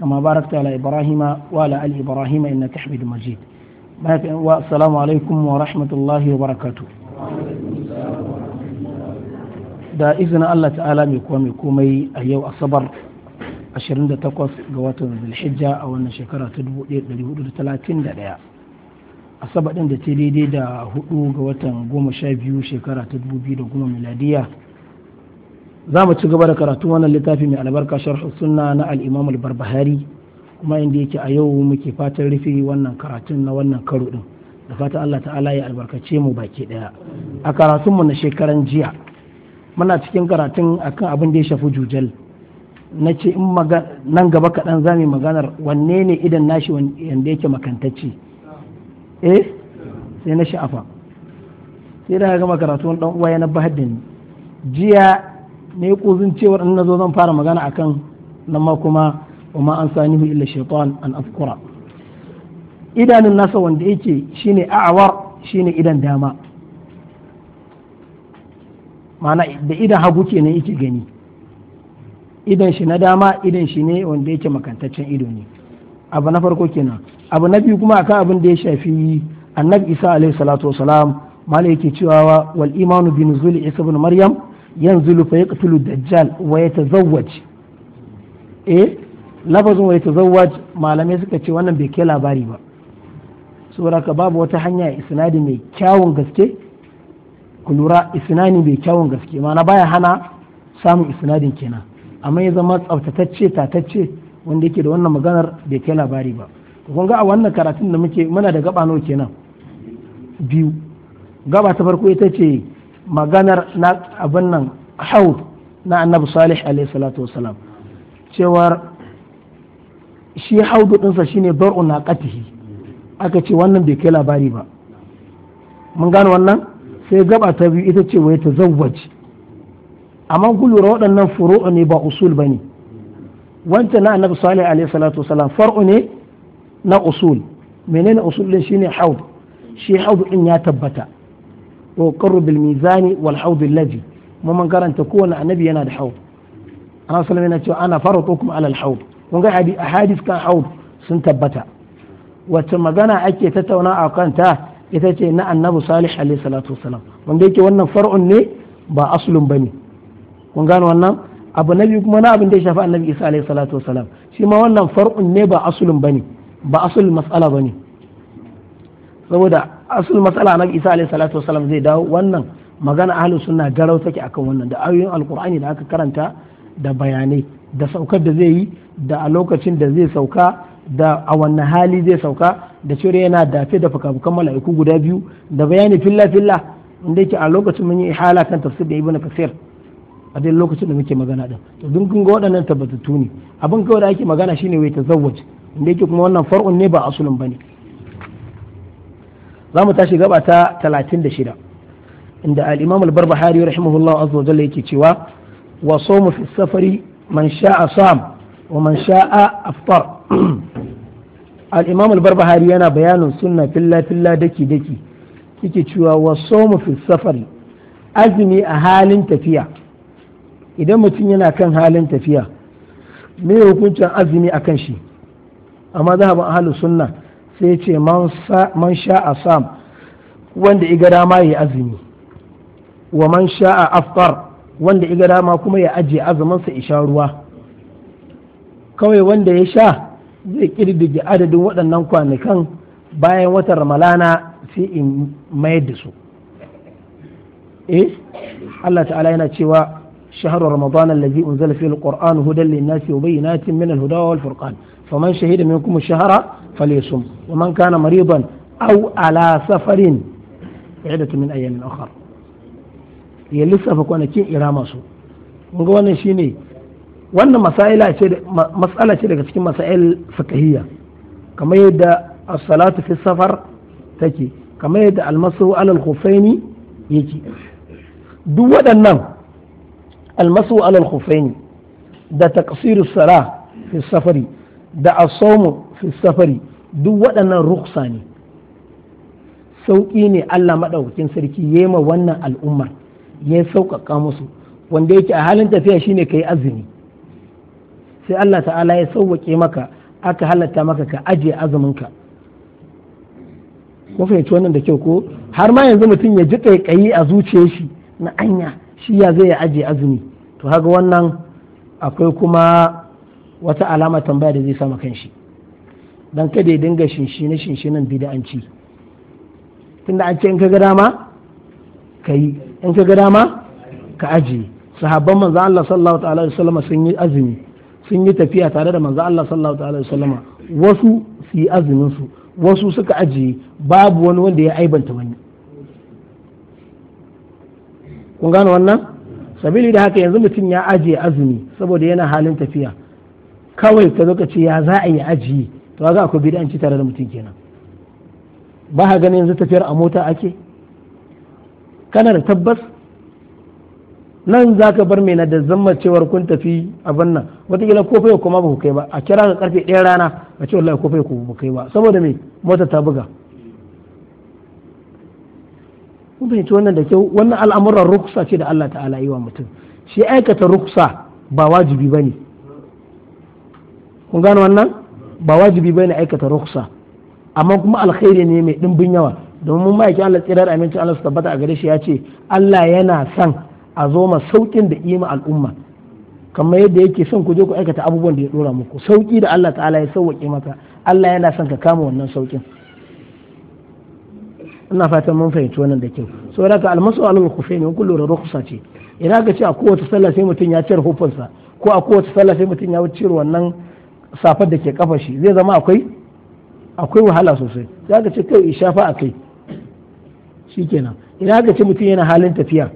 كما باركت على إبراهيم وعلى آل إبراهيم إنك حميد مجيد والسلام عليكم ورحمة الله وبركاته da izina Allah ta'ala mai kuwa mai komai a yau asabar 28 ga watan zulhijja a wannan shekara ta 1431 asabar din da ta daidai da 4 ga watan 12 shekara ta 2010 miladiya za mu ci gaba da karatun wannan littafi mai albarka sharhu sunna na al-imam al-barbahari kuma inda yake a yau muke fatan rufe wannan karatun na wannan karo din da fatan Allah ta'ala ya albarkace mu baki daya a karatunmu na shekaran jiya muna cikin karatun akan abin da ya shafi jujal na ce in nan gaba kaɗan za mu maganar wanne ne idan nashi wanda yake makantacci eh sai na sha'afa sai da ga makaratu ɗan uwa ya na bahadin jiya ne kuzin cewar in nazo zan fara magana akan nan ma kuma sani hu illa الشيطان an afkura idanun nasa wanda yake ne a'awar ne idan dama mana da idan hagu kenan yake gani idan shi na dama idan shi ne wanda yake makantaccen ido ne abu na farko kenan abu na biyu kuma akan abin da ya shafi annabi isa alaihi salatu wasalam mala yake cewa wal imanu bi nuzuli isa ibn maryam yanzu fa ya ƙatulu dajjal wa ya tazawwaj eh lafazin wa ya tazawwaj malamai suka ce wannan bai kai labari ba saboda ka babu wata hanya isnadi mai kyawun gaske ku lura isnadi mai kyawun gaske ma'ana baya hana samun isnadin kenan amma ya zama tsaftatacce tatacce wanda yake da wannan maganar bai kai labari ba kun ga a wannan karatun da muke muna da gaba nawa kenan biyu gaɓa ta farko ita ce maganar na abin nan haud na annabi salih alaihi salatu wasalam cewar shi haudu ɗinsa shine bar'u na katihi aka ce wannan bai kai labari ba mun gano wannan sai gaba ta biyu ita ce wai ta zawwaj amma ku waɗannan furu'u ne ba usul ba ne wancan na annabi salih alaihi salatu wasalam far'u ne na usul menene usul din shine haud shi hau din ya tabbata wa qarru bil mizani wal hawd allazi mun karanta kowanne annabi yana da hawd ana sallama yana cewa ana faratukum ala al kun ga hadis kan hawd sun tabbata Wace magana ake tattauna a kanta ita ce na annabi salih alaihi salatu wasalam wanda wannan far'un ne ba aslun bane kun gane kuma na abin da ya shafi annabi isa alaihi salatu wasalam shi ma wannan far'un ne ba asulun bane bane saboda asul matsala nan isa alaihi salatu wasalam zai dawo wannan magana ahlus sunna garau take akan wannan da ayoyin alqur'ani da aka karanta da bayanai da saukar da zai yi da a lokacin da zai sauka da a wannan hali zai sauka da cewa yana dafe da fukafukan mala'iku guda biyu da bayani filla filla inda yake a lokacin mun yi ihala kan tafsir da ibnu kasir a dai lokacin da muke magana din to dun kun ga waɗannan tabbatattu ne abin kawai da ake magana shine wai tazawwaj inda yake kuma wannan far'un ne ba asulun bane za mu tashi gaba ta shida inda al-imam al-barbahari rahimahullah azza wa jalla yake cewa wa sawmu fi safari man sha'a sam wa man sha'a aftar al al-barbahari yana bayanin sunna filla filla daki daki yake cewa wa sawmu fi safari azumi a halin tafiya idan mutum yana kan halin tafiya me hukuncin azumi akan shi amma zahaban ahlus sunna sai ya ce man sha'a sam wanda iga dama ya azumi wa man sha'a Afkar wanda iga dama kuma ya ajiye azuminsa isha ruwa kawai wanda ya sha zai kirdige adadin waɗannan kwanakan bayan watan ramalana sai in mayar da su eh Allah ta'ala yana cewa shahar ramadana allazi unzila fihi alquran hudan lin-nasi wa bayyanatin min al-huda wal-furqan faman shahida minkum shahara falyasum wa man kana maridan aw ala safarin iddatu min ayyamin ukhra ya kwanakin irama su ga wannan shine wannan masaila ce daga cikin masail fiqhiyya kamar yadda as-salatu fi safar take kamar yadda al-masu ala yake duk waɗannan almasu alal khufaini da taqsirus sala fi safari da asomu fi safari duk waɗannan ruksa ne sauƙi ne Allah maɗaukakin sarki ya ma wannan al'ummar ya sauƙaƙa musu wanda yake a halin tafiya shine ka yi azumi sai Allah ta'ala ya sauwaƙe maka aka halatta maka ka ajiye azuminka ko fahimci wannan da kyau ko har ma yanzu mutum ya ji ƙaiƙayi a zuciyar shi na anya shi ya zai ya ajiye azumi to haka wannan akwai kuma wata alama tambaya da zai sama kanshi don kada ya dinga shinshine shinshinan bid'anci tunda an ce in ka ga dama yi in ka ga dama ka ajiye sahabban manzo Allah sallallahu ta'ala alaihi wasallam sun yi azumi sun yi tafiya tare da manzo Allah sallallahu ta'ala alaihi wasallam wasu su yi azumin su wasu suka ajiye babu wani wanda ya aibanta wani kun gano wannan sabili da haka yanzu mutum ya ajiye azumi saboda yana halin tafiya kawai ka zo ka ce ya za a yi ajiye to ga akwai ci tare da mutum kenan ba ha ganin yanzu tafiyar a mota ake kana da tabbas nan za ka bar mai na da zama cewar kun tafi abin nan watakila ko fai kuma ba ku kai ba a kira ka karfe ɗaya rana a ce wallahi ko fai ku ba kai ba saboda me mota ta buga kun fahimci wannan da kyau wannan al'amuran ruksa ce da Allah ta'ala yi wa mutum shi aikata ruksa ba wajibi ba ne kun gano wannan ba wajibi bai na aikata ruksa amma kuma alkhairi ne mai dimbin yawa domin ma'aikin Allah tsirar amincin Allah su tabbata a gare shi ya ce Allah yana son a zo ma saukin da ima al'umma kamar yadda yake son ku je ku aikata abubuwan da ya dora muku sauki da Allah ta'ala ya sauwake maka Allah yana son ka kama wannan saukin ina fatan mun fahimci wannan da kyau saboda ka almasu alul khufaini kun da ruksa ce idan ka ce a kowace sallah sai mutum ya cire hufunsa ko a kowace sallah sai mutum ya cire wannan safar da ke kafa shi zai zama akwai akwai wahala sosai za ka ce kawai shafa a kai shikenan idan aka ce mutum yana halin tafiya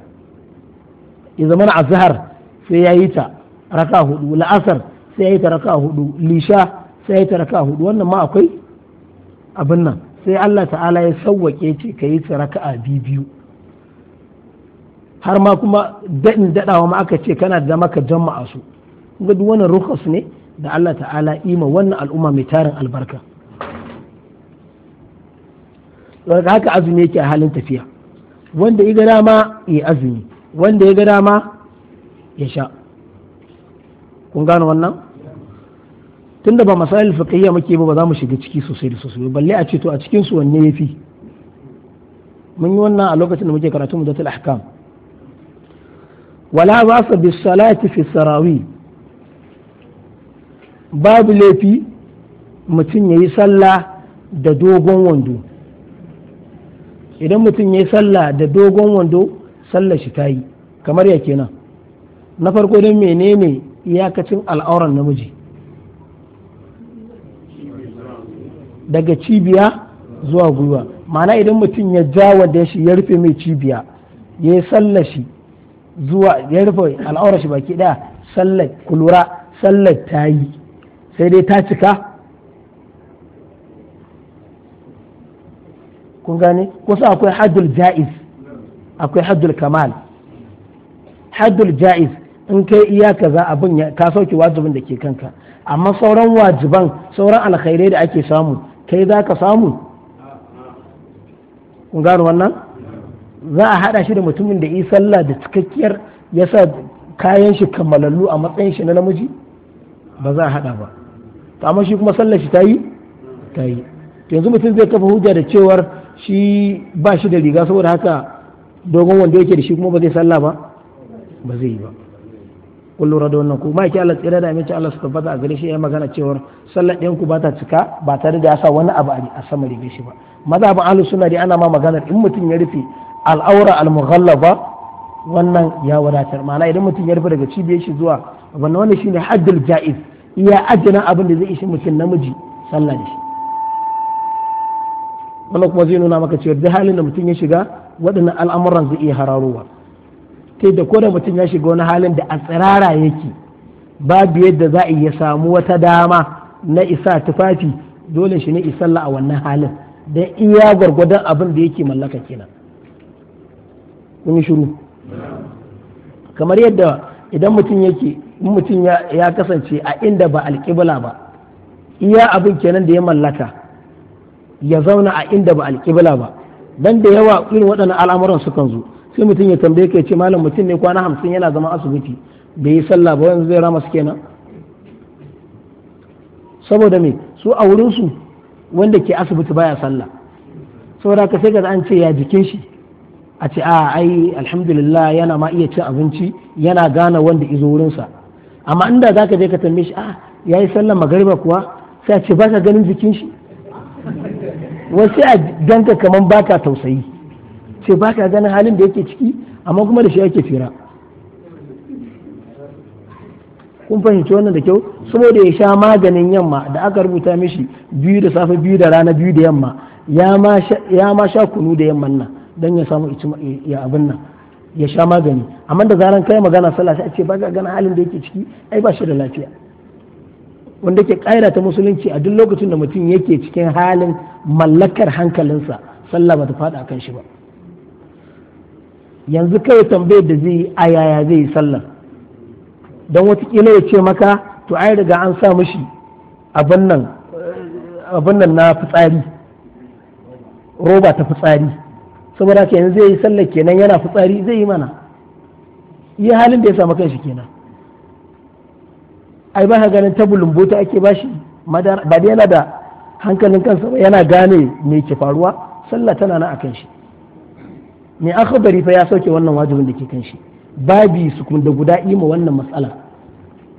ya zama na azhar sai ya yi ta raka hudu la'asar sai ya yi ta raka hudu lisha sai ya yi ta raka hudu wannan ma akwai abin nan sai Allah ta'ala ya sauwake ce ka yi ta raka'a biyu har ma kuma daɗin daɗawa ma aka ce kana da maka jama'a su ga duk wannan ne da Allah ta'ala ima wannan al'umma mai tarin albarka daga haka azumi yake a halin tafiya wanda ya ga dama ya azumi wanda ya ga ya sha kun gano wannan tunda ba masalil fiqhiyya muke ba ba za mu shiga ciki sosai da sosai balle a ce to a cikin su wanne yafi mun yi wannan a lokacin da muke karatu mudatul ahkam wala ba'sa bis salati fi sarawi babu laifi mutum ya yi sallah da dogon wando idan mutum ya yi sallah da dogon wando sallah shi ta yi kamar ya kenan na farko don menene iyakacin al'auran namiji daga cibiya zuwa gwiwa mana idan mutum ya ja wanda shi ya rufe mai cibiya ya yi sallah shi zuwa ya rufe al'aurashi baki daya sallar kulura sallar ta yi sai dai ta cika kun gane kusa akwai haddul ja'iz akwai haddul kamal haddul ja'iz in kai iya kaza abin ka sauke wajibin da ke kanka amma sauran wajiban sauran alkhairai da ake samu kai za ka samu kun gano wannan za a haɗa shi da mutumin da yi sallah da cikakkiyar ya sa kayan shi kammalallu a matsayin shi na namiji ba za a haɗa ba amma shi kuma sallar shi ta yi ta yi yanzu mutum zai kafa hujja da cewar shi ba shi da riga saboda haka dogon wanda yake da shi kuma ba zai sallah ba ba zai yi ba kullu lura da wannan ku. ma yake Allah tsira da aminci Allah su tabbata a gare shi ya magana cewar sallar ɗin ku ba ta cika ba tare da ya sa wani abu a sama rigar shi ba mazhabin ahlus sunna dai ana ma maganar in mutum ya rufe al'aura al-mughallaba wannan ya wadatar ma'ana idan mutum ya rufe daga cibiyar shi zuwa wannan wannan shine haddul ja'iz iya ajina abin da zai ishi mutum namiji sallah da shi wanda kuma zai nuna maka cewa duk halin da mutum ya shiga waɗannan al'amuran zai iya hararowa kai da koda mutum ya shiga wani halin da a tsirara yake babu yadda za a iya samu wata dama na isa tufafi dole shi ne isa a wannan halin da iya gwargwadon abin da yake mallaka kenan kun yi shiru kamar yadda idan mutum yake mutum ya kasance a inda ba alƙibla ba iya abin kenan da ya mallaka ya zauna a inda ba alƙibla ba dan da yawa irin waɗannan al'amuran sukan zo sai mutum ya tambaye ka ya ce malam mutum ne kwana hamsin yana zama asibiti bai yi sallah ba yanzu zai rama su kenan saboda me su a wurinsu wanda ke asibiti baya sallah saboda ka sai ka an ce ya jikin shi a ce a ai alhamdulillah yana ma iya cin abinci yana gane wanda izo wurinsa amma inda zaka je ka tambaye shi ah yayi sallar magariba kuwa sai a ce ba ka ganin jikin shi wasu a danka kaman baka tausayi ce baka ganin halin da yake ciki amma kuma da shi yake fira kun fahimci wannan da kyau saboda ya sha maganin yamma da aka rubuta mishi biyu da safe biyu da rana biyu da yamma ya ma sha kunu da yamman nan don ya samu ya abin nan ya sha magani amma da zaran kai magana sallah sai a ce ba ga gana halin da yake ciki ai ba shi da lafiya wanda ke ƙaira ta musulunci a duk lokacin da mutum yake cikin halin mallakar hankalinsa sallah ba ta faɗa kan shi ba yanzu kai tambayar da zai a yaya zai yi sallah don watakila ya ce maka to ai riga an sa mishi abin nan na fitsari roba ta fitsari saboda haka yanzu zai yi sallar kenan yana fitsari zai yi mana yi halin da ya samu kanshi kenan ai ba ka ganin tabulin bota ake ba shi ba da yana da hankalin kansa ba yana gane me ke faruwa sallah tana nan akan shi me akhbari fa ya sauke wannan wajibin da ke kan shi babi su da guda ima wannan matsala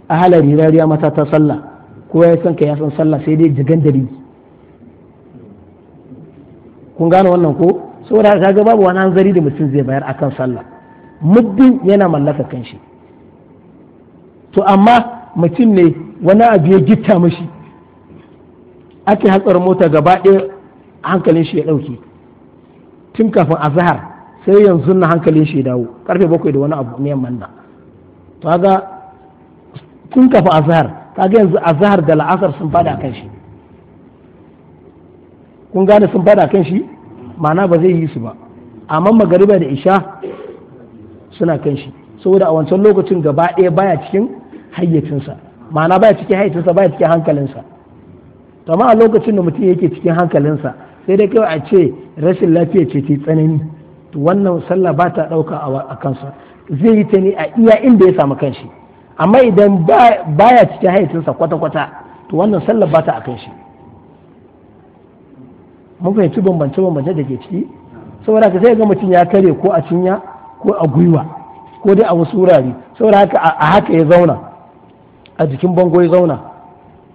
a halar rariya mata ta sallah ko ya san ka ya san sallah sai dai jigan jigandari kun gane wannan ko saboda haka ga babu wani hanzari da mutum zai bayar akan sallah muddin yana mallaka kanshi to amma mutum ne wani abu ya gitta mashi ake hatsar mota gaba ɗaya hankalin shi ya ɗauke tun kafin zahar sai yanzu na hankalin shi ya dawo karfe bakwai da wani abu ne manna to ga tun kafin ta kaga yanzu zahar da la'asar sun fada kan shi kun gane sun fada kan shi ma'ana ba zai yi su ba amma magariba da isha suna kan shi saboda a wancan lokacin gaba ɗaya baya cikin hayyacinsa ma'ana baya cikin hayyacinsa baya cikin hankalinsa to amma a lokacin da mutum yake cikin hankalinsa sai dai kawai a ce rashin lafiya ce ta tsanani to wannan sallah ba ta ɗauka a kansa zai yi ta ne a iya inda ya samu kanshi amma idan baya cikin hayyacinsa kwata-kwata to wannan sallah ba ta a kanshi shi mun fahimci bambance bambance da ke ciki saboda ka sai ga mutum ya kare ko a cinya ko a gwiwa ko dai a wasu wurare saboda haka a haka ya zauna a jikin bango zauna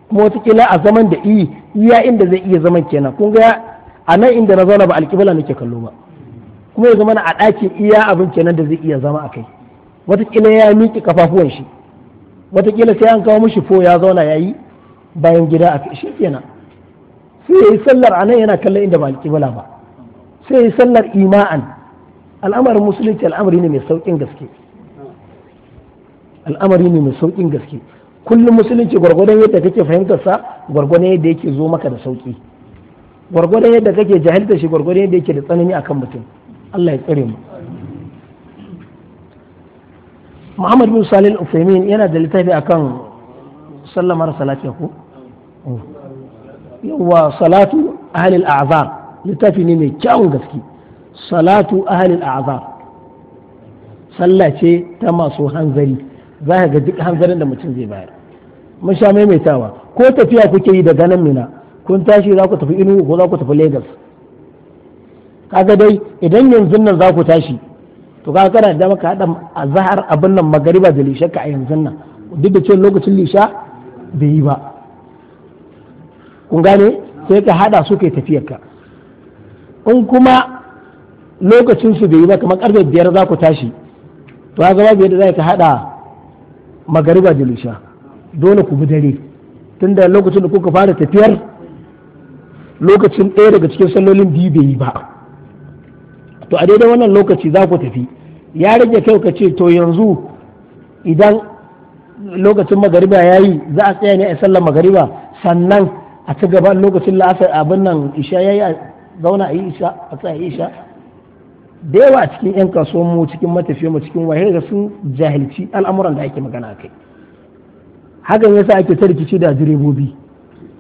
kuma wataƙila a zaman da iya iya inda zai iya zaman kenan kun ga a nan inda na zauna ba na ke kallo ba kuma ya zama a ɗakin iya abin kenan da zai iya zama a kai wataƙila ya miƙe kafafuwan shi wataƙila sai an kawo mishi fo ya zauna ya yi bayan gida a shi kenan sai ya yi sallar a nan yana kallon inda ba alƙibla ba sai ya yi sallar ima'an al'amarin musulunci al'amari ne mai sauƙin gaske al'amari ne mai sauƙin gaske kullum musulunci gwargwadon yadda kake fahimtar sa gwargwadon yadda yake zo maka da sauƙi gwargwadon yadda kake jahilta shi gwargwadon yadda yake da tsanani akan mutum Allah ya tsare mu Muhammad bin Salih al yana da littafi akan sallamar salati ko wa salatu ahlil a'zar littafi ne mai kyawun gaske salatu ahlil a'zar sallah ce ta masu hanzari za ka ga duk hanzarin da mutum zai bayar mun sha maimaitawa ko tafiya kuke yi daga nan mina kun tashi za ku tafi inugu ko za ku tafi lagos kaga dai idan yanzu nan za ku tashi to kaga kana da maka hada azhar abin nan magariba da lishaka a yanzu nan duk da cewa lokacin lisha bai yi ba kun gane sai ka hada su kai tafiyarka in kuma lokacin su bai yi ba kamar karfe biyar za ku tashi to a babu yadda za ka hada magariba da lusha dole ku bi dare tunda lokacin da kuka fara tafiyar lokacin ɗaya daga cikin sallolin biyu bai yi ba to a daidai wannan lokaci za ku tafi ya rage kyau ka ce to yanzu idan lokacin magariba ya yi za a tsaya ne a sallar magariba sannan a ci gaba lokacin la'asar abin nan isha ya yi a zauna a yi isha a tsaye isha da yawa cikin yan kasuwan mu cikin matafiya mu cikin waye da sun jahilci al'amuran da ake magana kai hakan yasa ake ta rikici da direbobi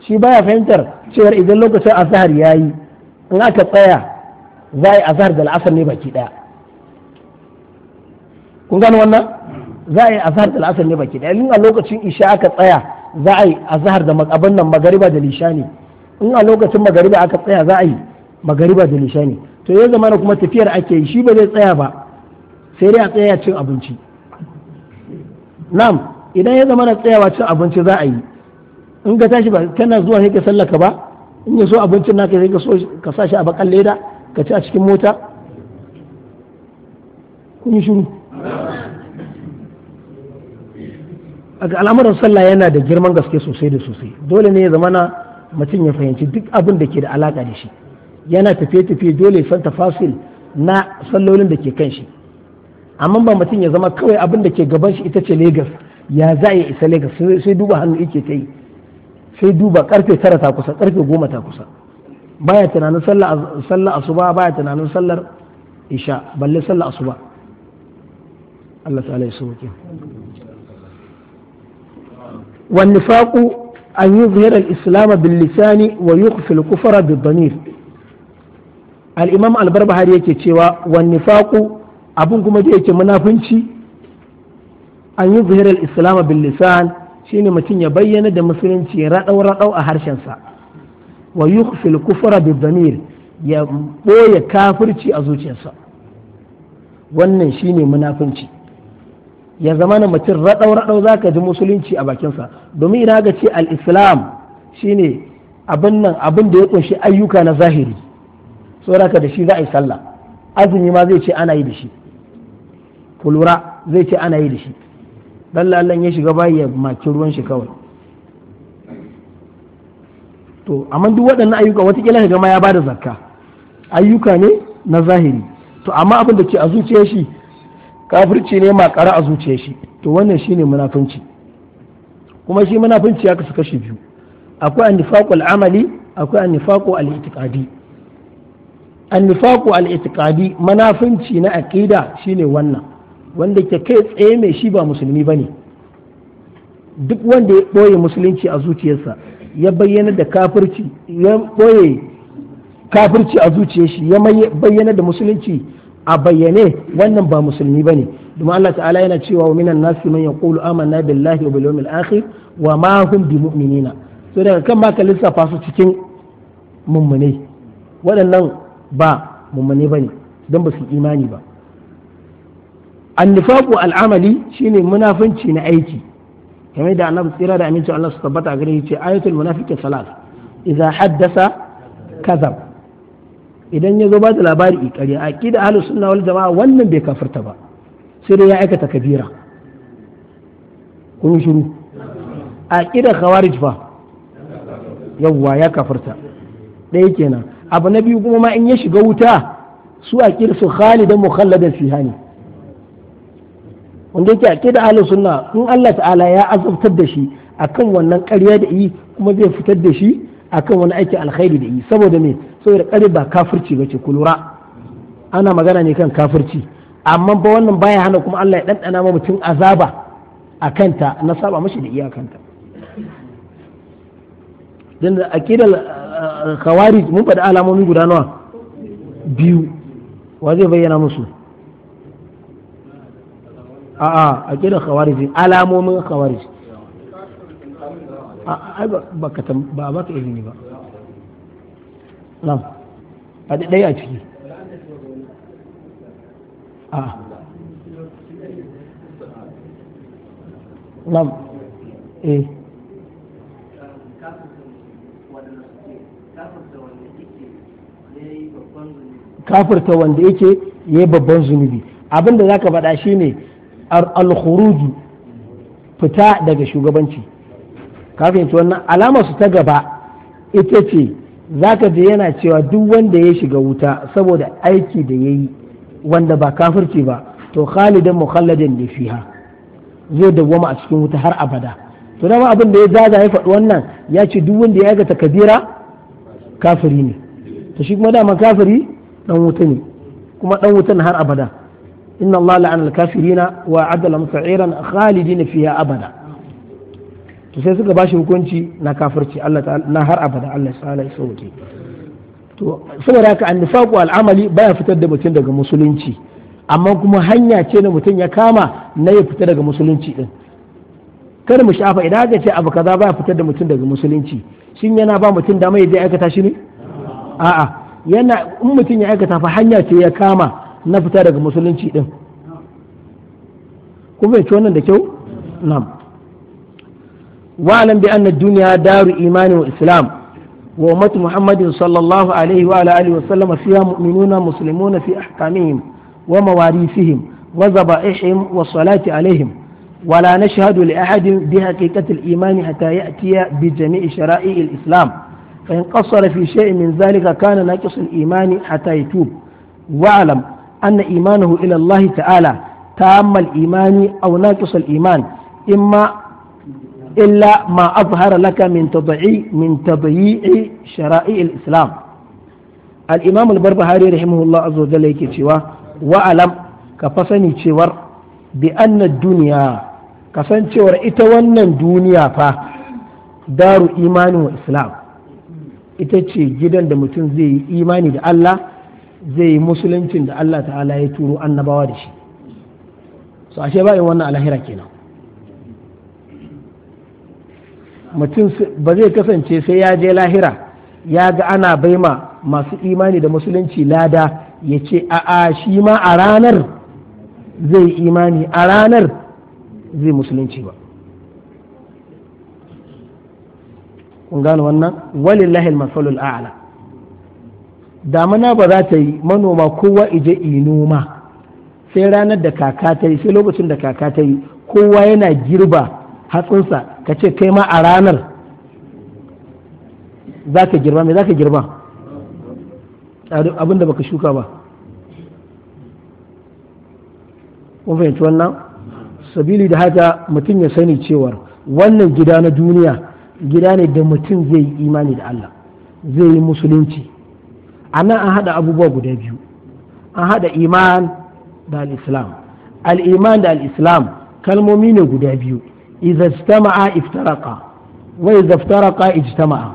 shi baya fahimtar cewa idan lokacin azhar yi in aka tsaya za a yi azhar da la'asar ne baki daya kun gano wannan za a yi azhar da la'asar ne baki daya in a lokacin isha aka tsaya za a yi a zahar da abin nan magariba da lishani in a lokacin magariba aka tsaya za a yi magariba da lishani to ya zama na kuma tafiyar ake yi shi ba zai tsaya ba sai dai a tsaya cin abinci nam idan ya zama na tsayawa cin abinci za a yi in ka tashi ba kana zuwa ne ka sallaka ba in ya so abincin naka sai ka so ka sa shi a bakan leda ka ci a cikin mota kun shiru al'amuran sallah yana da girman gaske sosai da sosai dole ne ya zama zamana mutum ya fahimci duk abin da ke da alaka da shi yana tafiye-tafiye dole ya san tafasil na sallolin da ke kan shi amma ba mutum ya zama kawai abin da ke gaban shi ita ce Legas ya za ya isa Legas sai duba hannu yake ta yi sai duba karfe tara ta kusa karfe goma ta kusa baya tunanin sallar asuba baya tunanin sallar isha balle sallar asuba Allah ta'ala ya sauke والنفاق أن يظهر الإسلام باللسان ويخفي الكفر بالضمير Albarba البربهاري yake cewa والنفاق abun kuma da yake munafunci an yi zuhirar islam bil lisan shine mutum ya bayyana da musulunci raɗau raɗau a harshensa wa yukhfil kufra bil damir ya ɓoye kafirci a zuciyarsa wannan shine munafunci ya zama na mutum raɗau raɗau za ka ji musulunci a bakinsa domin ina ga ce al-islam shine abin nan abin da ya kunshi ayyuka na zahiri saboda da shi za a yi sallah azumi ma zai ce ana yi da shi kulura zai ce ana yi da shi dan lallan ya shiga bayi ya maki ruwan shi kawai to amma duk waɗannan ayyuka watakila ka gama ya ba da zakka ayyuka ne na zahiri to amma abin da ke a zuciyar shi kafirci ne makara a zuciyar shi to wannan shi ne munafunci kuma shi munafunci ya kasu kashi biyu akwai annifaqul amali akwai an al al'itikadi an al al'itikadi munafunci na aqida ne wannan wanda ke kai tsaye mai shi ba musulmi ba ne. duk wanda ya ɓoye musulunci a zuciyarsa ya bayyana da kafirci ya ɓoye kafirci a zuciyarsa ya bayyana da musulunci a bayyane wannan ba musulmi bane domin Allah ta'ala yana cewa wa minan nasi man yaqulu amanna billahi wa bil yawmil akhir wa ma hum bimu'minina to daga kan ma ka lissafa su cikin mummunai waɗannan ba mummunai bane don ba su imani ba annifaqu al'amali shine munafunci na aiki kamar da annabi tsira da aminci Allah su tabbata gare shi ce ayatul munafiqi salat idza haddasa kazab idan ya zo ba da labari ikari a da ahlus suna wal jama'a wannan bai kafirta ba sai dai ya aikata kabira kun shiru a da khawarij fa yawwa ya kafirta ɗaya kenan abu na biyu kuma ma in ya shiga wuta su a da su khalidan mukhalladan fi hani wanda yake a da ahlus sunna in Allah ta'ala ya azabtar da shi akan wannan ƙarya da yi kuma zai fitar da shi akan wani aikin alkhairi da yi saboda me saboda kare ba kafirci bace ku lura ana magana ne kan kafirci amma ba wannan baya hana kuma Allah ya dandana ma mutum azaba akan ta na saba mashi da iyakanta dan akidal eh, khawarij mun faɗi alamomi guda nawa biyu wa zai bayyana musu a a akidal khawarij alamomin khawarij ba ba ba ka izini ba ɗaya ciki a eh. kafirta wanda yake ya yi babban zunubi abinda za ka faɗa shine al-khuruju fita daga shugabanci ka fahimci wannan alamar su ta gaba ita ce ka je yana cewa duk wanda ya shiga wuta saboda aiki da ya yi wanda ba kafirci ba to khalidan mukhalladan ne fiha zai dawwama a cikin wuta har abada to dama abin da ya zaza ya faɗi wannan ya ce duk wanda ya aikata kabira kafiri ne to shi kuma dama kafiri dan wuta ne kuma dan wutan har abada inna allaha la'ana al-kafirina wa adala musairan khalidina fiha abada to sai suka bashi hukunci na kafirci Allah na har abada Allah ya sauke to saboda haka annifaqu al'amali baya fitar da mutum daga musulunci amma kuma hanya ce na mutum ya kama na ya fita daga musulunci din kar mu shafa idan aka ce abu kaza baya fitar da mutum daga musulunci shin yana ba mutum dama ya je aikata shi ne a'a yana in mutum ya aikata fa hanya ce ya kama na fita daga musulunci din kun fahimci wannan da kyau na'am واعلم بأن الدنيا دار إيمان وإسلام وأمة محمد صلى الله عليه وعلى آله وسلم فيها مؤمنون مسلمون في أحكامهم ومواريثهم وذبائحهم والصلاة عليهم ولا نشهد لأحد بحقيقة الإيمان حتى يأتي بجميع شرائع الإسلام فإن قصر في شيء من ذلك كان ناقص الإيمان حتى يتوب واعلم أن إيمانه إلى الله تعالى تام الإيمان أو ناقص الإيمان إما illa ma azhara laka min tadyi min tadyi islam al-imam al-barbahari rahimahullah azza yake cewa wa'alam alam cewar bi anna duniya kasancewar ita wannan duniya fa daru imanin islam ita ce gidan da mutum zai yi imani da Allah zai yi musuluncin da Allah ta'ala ya turo annabawa da shi so ashe ba wannan alahira kenan mutum ba zai kasance sai ya je lahira ya ga ana baima masu imani da musulunci lada ya ce a'a shi ma a ranar zai imani a ranar zai musulunci ba kun gano wannan walillahi masalul a'la damana ba za ta yi manoma kowa ije inoma sai ranar da kaka ta yi sai lokacin da kaka ta yi kowa yana girba hatsinsa ka ce kai ma a ranar za ka girma mai za ka girma abin da baka shuka ba kun fahimci wannan sabili da haka mutum ya sani cewar wannan gida na duniya gida ne da mutum zai yi imani da Allah zai yi musulunci a nan an haɗa abubuwa guda biyu an haɗa iman da al-islam da al'islam kalmomi ne guda biyu idza istama'a iftaraqa wa idza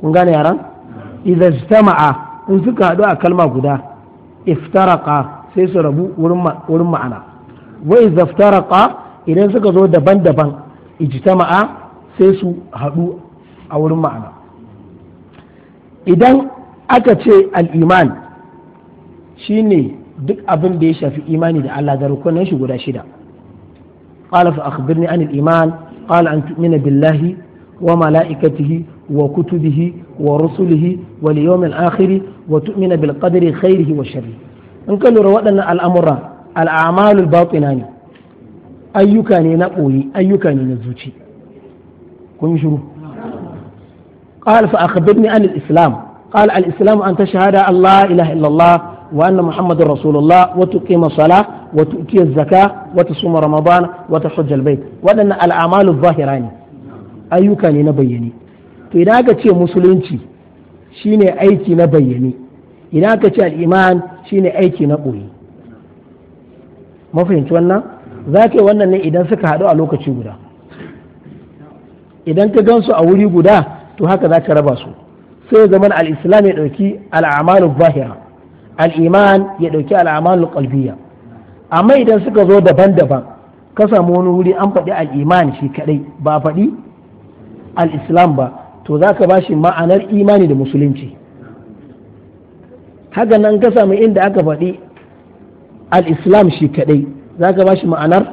kun gane yaran idza istama'a in suka haɗu a kalma guda iftaraqa sai su rabu wurin ma'ana wa idza idan suka zo daban-daban ijtama'a sai su haɗu a wurin ma'ana idan aka ce al-iman shine duk abin da ya shafi imani da Allah da rukunan shi guda shida قال فأخبرني عن الإيمان قال أن تؤمن بالله وملائكته وكتبه ورسله واليوم الآخر وتؤمن بالقدر خيره وشره إن كان روادنا الأمر الأعمال الباطنان الباطنة أيك نقوي كان نزوتي كن شروع قال فأخبرني عن الإسلام قال الإسلام أن تشهد أن لا إله إلا الله وأن محمد رسول الله وتقيم الصلاة wa tu'tiya zaka wata tusuma ramadan wata tahujjal bait wadannan al'amalu zahira ne ayyuka ne na bayyane to idan aka ce musulunci shine aiki na bayyane idan aka ce al'iman shine aiki na ɓoye mafahimci wannan za ka wannan ne idan suka haɗu a lokaci guda idan ka gansu a wuri guda to haka za ka raba su sai ya zama al'islam ya ɗauki al'amalin zahira al'iman ya ɗauki al'amalin qalbiyya amma idan suka zo daban-daban ka samu wani wuri an faɗi al'imani shi kaɗai ba faɗi al'islam ba to za ka ba shi ma'anar imani da musulunci haka nan ka samu inda aka faɗi al'islam shi kaɗai za ka ba shi ma'anar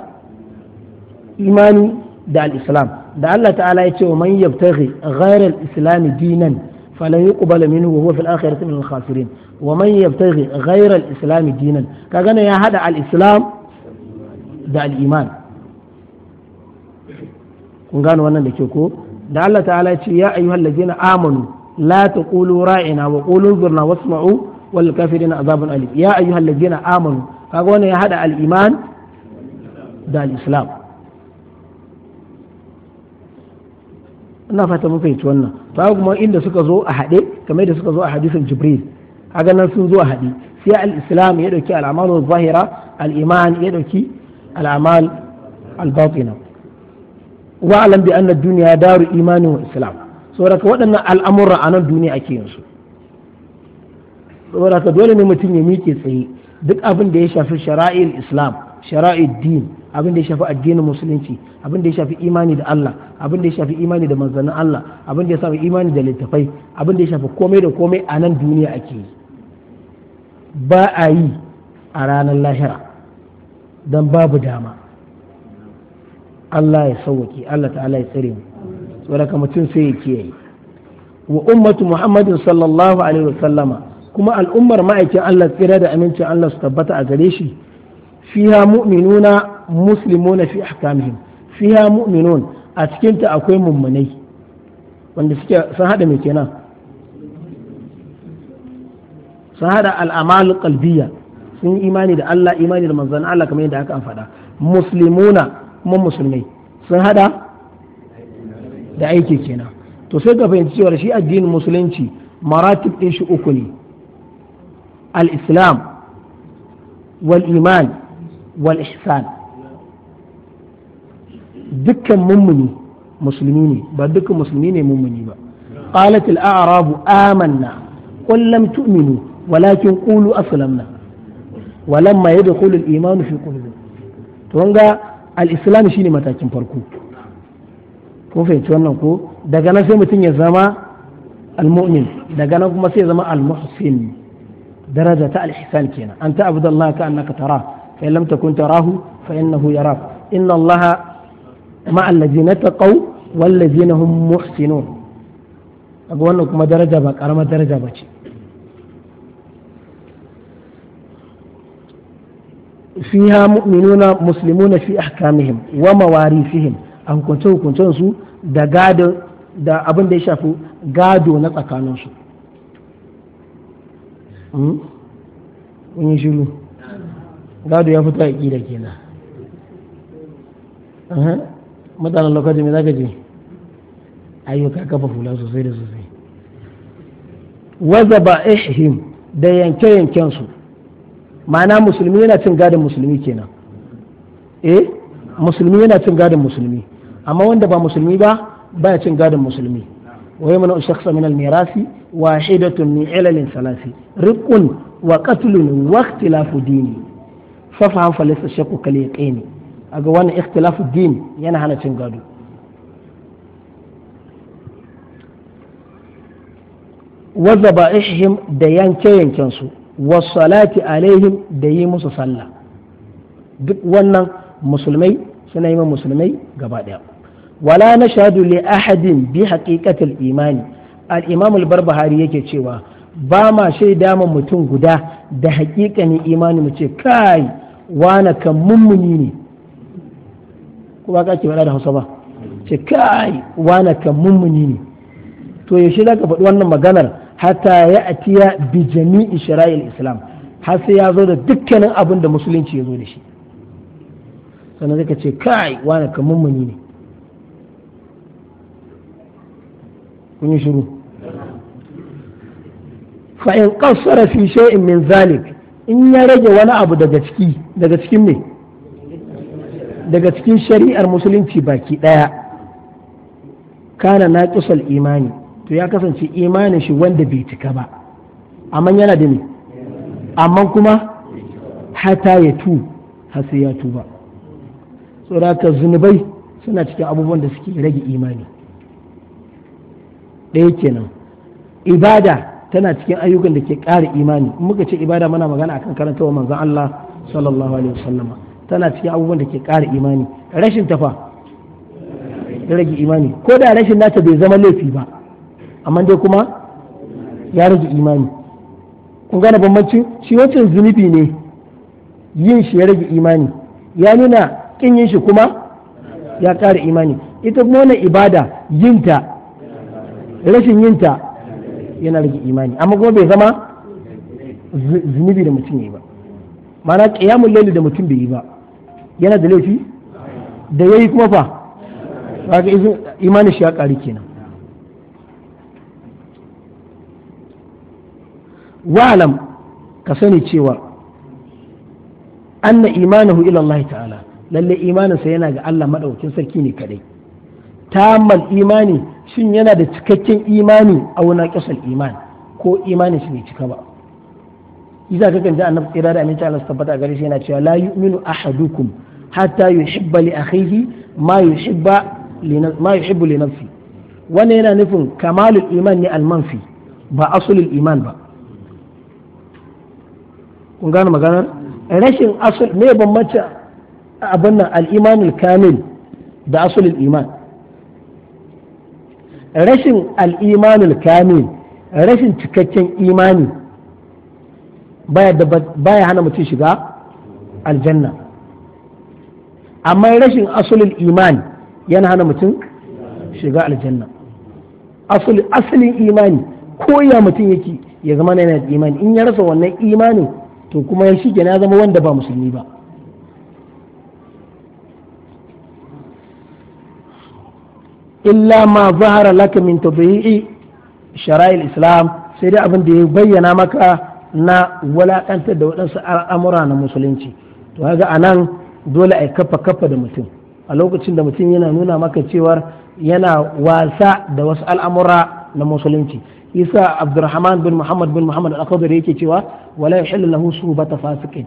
imani da al'islam da Allah ta'ala ya ce wa man yabtaghi ghayra al dinan falan yuqbala minhu wa huwa fil akhirati khasirin wa man yabtaghi ghayra al-islam dinan kaga ne ya hada al da al kun gano wannan da ke ko da Allah ta'ala ya ce ya ayyuhal ladina amanu la taqulu ra'ina wa qulu zurna wasma'u wal kafirina azabun ya amanu ya da fata mun fahimci wannan ta kuma inda suka zo a haɗe kamar da suka zo a hadisin jibril kaga nan sun zuwa haɗi sai al-islam ya ɗauki al zahira al-iman ya dauki al-amal al-batina wa alam bi anna ad daru imani wa islam saboda waɗannan al'amuran a nan duniya ake yin su saboda dole ne mutum ya miƙe tsaye duk abin da ya shafi shara'il islam shara'il din abin da ya shafi addinin musulunci abin da ya shafi imani da Allah abin da ya shafi imani da manzannin Allah abin da ya shafi imani da littafai abin da ya shafi komai da komai a nan duniya ake yi ba a yi a ranar lahira don babu dama Allah ya sauwaki Allah ta'ala ya tsare mu tsoraka mutum sai ya kiyaye wa ummatu muhammadin sallallahu alaihi wasallama kuma al'ummar ma'aikin Allah tsira da amincin Allah su tabbata a gare shi fiha mu'minuna muslimuna fi ahkamihim fiha mu'minun a cikinta akwai mummunai wanda suke sun hada mai kenan sun hada al'amalu qalbiyya sun imani da Allah imani da manzon Allah kamar yadda aka faɗa muslimuna kuma musulmai sun hada da aiki kenan to sai ka fahimci cewa shi addinin musulunci maratib din shi uku ne al-islam wal iman wal ihsan dukkan mummuni musulmi ne ba dukkan musulmi ne mummuni ba qalat al-a'rabu amanna qul lam tu'minu walakin na aslamna maye da al-iman fi qulubi to wanga al-islam shine matakin farko ko fahimci wannan ko daga nan sai mutum ya zama al-mu'min daga nan kuma sai ya zama al-muhsin daraja ta al-ihsan kenan anta abdullah ka annaka tara fa lam takun tarahu fa innahu yarak inna allaha ma'a alladhina taqaw wal ladhina hum muhsinun kaga wannan kuma daraja ba karamar daraja ba ce fiha mu'minuna muslimuna fi ahkamihim wa mawarithihim a hukunce hukuncen su da gado da abin da ya shafi gado na tsakanin su hmm? a kira kenan mutanen lokacin me wazaba ihim da yanke-yankensu ma'ana musulmi yana cin gadin musulmi kenan eh musulmi yana cin gadin musulmi amma wanda ba musulmi ba baya cin gadin musulmi wa yamna shakhsa min al mirasi wahidatun min ilal salasi riqun wa qatlun wa ikhtilafu dini fa fa fa laysa shakku kal aga wannan ikhtilafu dini yana hana cin gado wa zaba'ihim da yanke yankensu su wasalati alaihim da yi musu sallah duk wannan musulmai suna yi musulmai gaba daya wala na shahadu li ahadin bi haqiqatil imani al-imam al-barbahari yake cewa ba ma shaida ma mutum guda da haƙiƙanin imani mu ce kai wana kan mummuni ne ko ba ka ce da Hausa ba ce kai wana kan mummuni ne to yaushe zaka faɗi wannan maganar hatta ya atiya bi jami'i shara'il islam har sai ya zo da dukkanin abin da musulunci ya zo da shi sannan zaka ce kai wani kamar muni ne kun yi shiru fa in qassara fi shay'in min zalik in ya rage wani abu daga ciki daga cikin me daga cikin shari'ar musulunci baki daya kana naqisal imani to ya kasance imanin shi wanda bai cika ba amma yana da ne amma kuma hata ya tu har sai ya ba. tsoraka zunubai suna cikin abubuwan da suke rage imani ɗaya kenan ibada tana cikin ayyukan da ke ƙara imani muka ce ibada muna magana akan karantawa manzan Allah sallallahu alaihi wasallam tana cikin abubuwan da ke ƙara imani rashin tafa rage imani ko da rashin nata bai zama laifi ba amma dai kuma ya rage imani kun gane bambanci shi wancan zunubi ne yin shi ya rage imani ya nuna kin yin shi kuma ya ƙara imani ita kuma wannan ibada yinta rashin yinta yana rage imani amma kuma bai zama zunubi da mutum ya yi ba mana ƙiyamun laili da mutum bai yi ba yana da laifi da ya yi kuma fa Imanin shi ya ƙari kenan wa'alam ka sani cewa an na imanahu ilallahi ta'ala lalle imaninsa yana ga Allah maɗaukin sarki ne kadai tamal imani shin yana da cikakken imani a wuna ƙasar iman ko imani shi ne cika ba iza ka kan ji annabi tsira da aminci Allah tabbata gare shi yana cewa la yu'minu ahadukum hatta yuhibba li akhihi ma yuhibba li ma yuhibbu li nafsi wannan yana nufin kamalul iman ne fi ba asulul iman ba kun gane maganar rashin asul me bambanci abin nan al-imanul kamil da asulul iman rashin al-imanul kamil rashin cikakken imani baya hana mutum shiga aljanna amma rashin asulul iman yana hana mutum shiga aljanna asulin imani ko ya mutum yake ya zama yana imani in ya rasa wannan imanin to kuma ya shige na zama wanda ba musulmi ba illa ma zahara laka min tabi'i shara'il islam sai dai abin da ya bayyana maka na walaƙantar da waɗansu al'amura na musulunci to haka nan dole a kafa kafa da mutum a lokacin da mutum yana nuna maka cewar yana wasa da wasu al'amura na musulunci isa abdurrahman bin muhammad bin muhammad al-akhdar yake cewa wala yahillu lahu ta fasiqin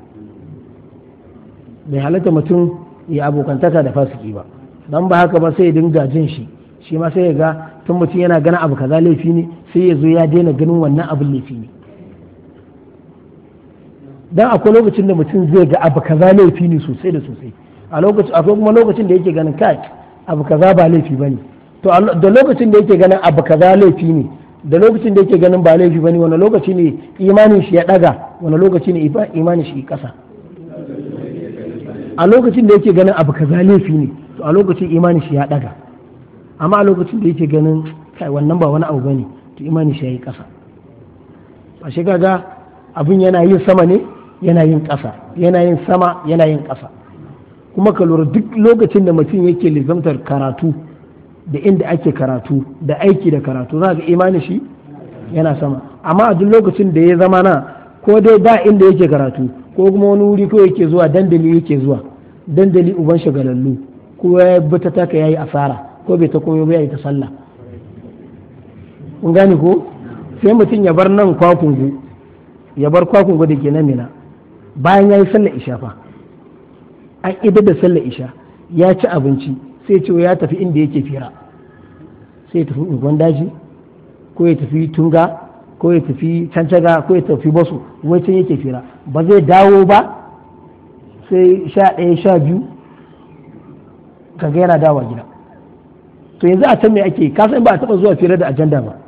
bai halatta mutum ya abokantaka da fasiki ba dan ba haka ba sai ya dinga jin shi shi ma sai ya ga tun mutum yana ganin abu kaza laifi ne sai ya zo ya daina ganin wannan abin laifi ne dan akwai lokacin da mutum zai ga abu kaza laifi ne sosai da sosai a lokacin akwai kuma lokacin da yake ganin kai abu kaza ba laifi bane to da lokacin da yake ganin abu kaza laifi ne da lokacin da yake ganin ba laifi bane wani lokaci ne imanin shi ya daga wani lokaci ne imanin shi kasa a lokacin da yake ganin abu kaza laifi ne to a lokacin imanin shi ya daga amma a lokacin da yake ganin kai wannan ba wani abu bane to imanin shi yayi kasa a shi kaga abin yana yin sama ne yana yin kasa yana yin sama yana yin kasa kuma ka lura duk lokacin da mutum yake lizamtar karatu da inda ake karatu da aiki da karatu za ga imani shi yana sama amma a duk lokacin da ya zama na ko dai da inda yake karatu ko kuma wani wuri ko yake zuwa dandali yake zuwa dandali uban shagalallu ko ya bi ta taka yayi asara ko bai ta koyo yi ta sallah kun gane ko sai mutum ya bar nan kwakungu ya bar kwakungu da ke na mina bayan ya yi sallar isha fa an idar da sallar isha ya ci abinci sai ce ya tafi inda yake fira sai ya tafi unguwan daji ko ya tafi tunga ko ya tafi cancaga ko ya tafi basu wai yake fira ba zai dawo ba sai sha ɗaya sha biyu kaga yana dawa gida to yanzu a can me ake kasan ba a taɓa zuwa fira da ajanda ba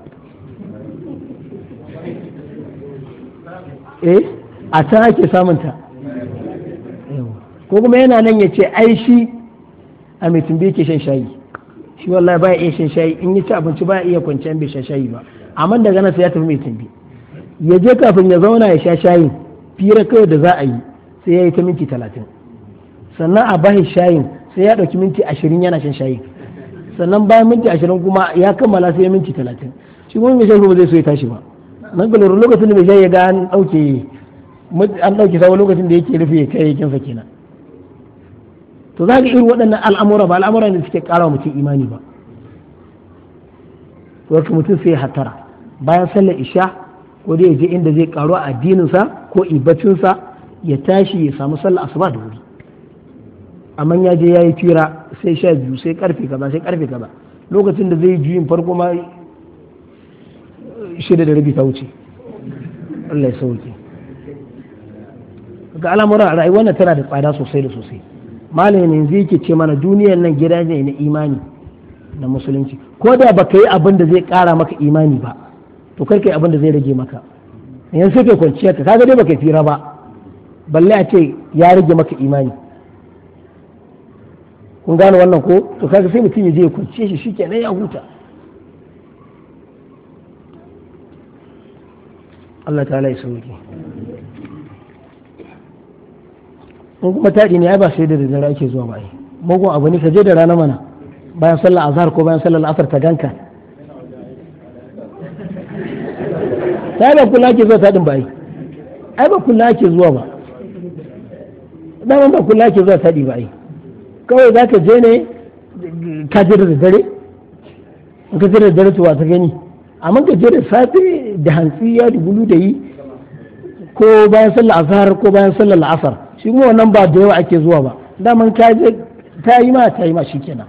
eh a can ake samunta ko kuma yana nan ya ce ai shi a mai tumbe yake shan shayi shi wallahi baya iya shan shayi in yi ci abinci ya iya kwanciya bai shan shayi ba amma daga nan sai ya tafi mai tumbe ya je kafin ya zauna ya sha shayin fira kawai da za a yi sai ya yi ta minti talatin sannan a bashi shayin sai ya ɗauki minti ashirin yana shan shayin sannan bayan minti ashirin kuma ya kammala sai ya minti talatin shi kuma mai shan ba zai so ya tashi ba nan ga lokacin da mai shayi ya ga an ɗauke an ɗauke sabon lokacin da yake rufe kayayyakinsa kenan to za ga irin waɗannan al'amura ba al'amura ne suke ƙara mutum imani ba wasu mutum sai hatara bayan sallar isha ko dai je inda zai ƙaru a addininsa ko ibacinsa ya tashi ya samu sallar asuba da wuri amma ya je ya yi fira sai sha biyu sai karfe kaza sai karfe kaza lokacin da zai juyin farko ma shida da rabi ta wuce Allah ya sauke ga al'amura rayuwar tana da tsada sosai da sosai malamin yanzu yake ce mana duniyar nan gida ne na imani na musulunci ko da ba ka yi abin da zai kara maka imani ba to kai ka yi abin da zai rage maka yanzu sai ka kwanciyar ka kaga dai baka fira ba balle a ce ya rage maka imani kun gane wannan ko to kaga sai mutum ya je ya kwanciye shi kenan ya huta Allah ta'ala ya sauke. in kuma taɗi ne ai ba sai da daddare ake zuwa ba ai mugun abu ne ka je da rana mana bayan sallar azhar ko bayan sallar asar ta ganka ta da kula ake zuwa taɗin ba ai ai ba kula ake zuwa ba dama ba kula ake zuwa taɗi ba ai kawai za ka je ne ka je da daddare in ka je da daddare to wa ta gani amma ka je da safi da hantsi ya dubulu da yi ko bayan sallar azhar ko bayan sallar asar shi kuma wannan ba da yawa ake zuwa ba daman ka je ta yi ma ta yi ma shikenan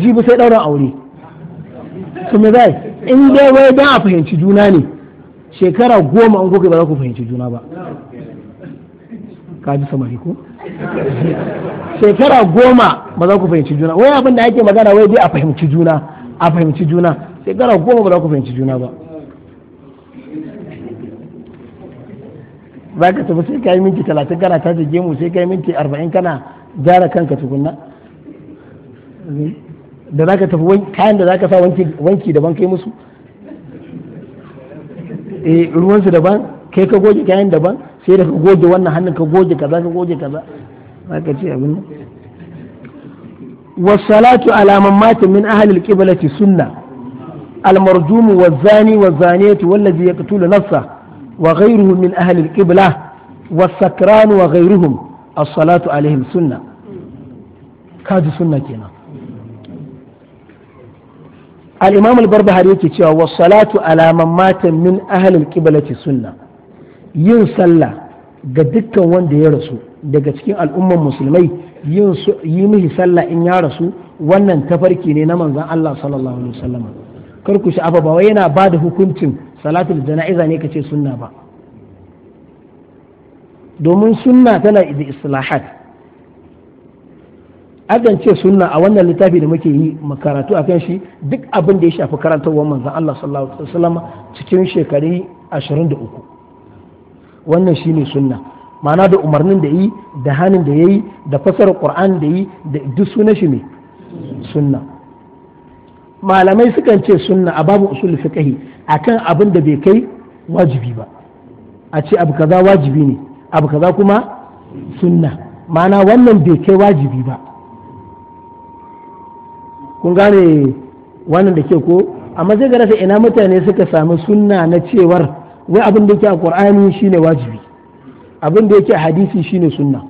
jibi sai ɗaurin aure su me zai in dai wai don a fahimci juna ne shekara goma an kuka ba za ku fahimci juna ba ka ji samari ko shekara goma ba za ku fahimci juna wai abin da ake magana wai dai a fahimci juna a fahimci juna shekara goma ba za ku fahimci juna ba ba ka tafi sai kayi minti talatin kana ta da mu sai kayi minti arba'in kana gyara kanka tukunna da za ka tafi kayan da za ka sa wanki daban kai musu eh, ruwansu daban kai ka goge kayan daban sai da ka goge wannan hannun ka goge kaza ka goge kaza za ka ce abin nan wasalatu alaman matin min ahalil qiblati sunna المرجوم والزاني والزانية wallazi yaqtulu nafsahu وغيره من أهل القبلة والسكران وغيرهم الصلاة عليهم سنة كاد سنة كنا الإمام البربهاري يتشوى والصلاة على من مات من أهل القبلة سنة yin sallah ga dukkan wanda ya rasu daga cikin al'umman musulmai yi mihi sallah in ya rasu wannan tafarki ne na manzan Allah sallallahu alaihi wasallam kar ku sha'afa ba wai yana ba da hukuncin salatul jana'iza ne kace sunna ba domin sunna tana da islahat akan ce sunna a wannan littafi da muke yi makaratu akan shi duk abin da ya shafi karantarwar manzon Allah sallallahu alaihi wasallam cikin shekaru 23 wannan shine sunna ma'ana da umarnin da yi da hannun da yayi da fassarar qur'an da yi da duk sunan shi ne sunna malamai sukan ce sunna a babu usul fiqhi akan abin da bai kai wajibi ba a ce abu kaza wajibi ne abu kaza kuma sunna ma'ana wannan bai kai wajibi ba kun gane wannan da ke ko amma zai rasa ina mutane suka samu sunna na cewar wai abin da yake a qur'ani shine wajibi abin da yake a hadisi shine sunna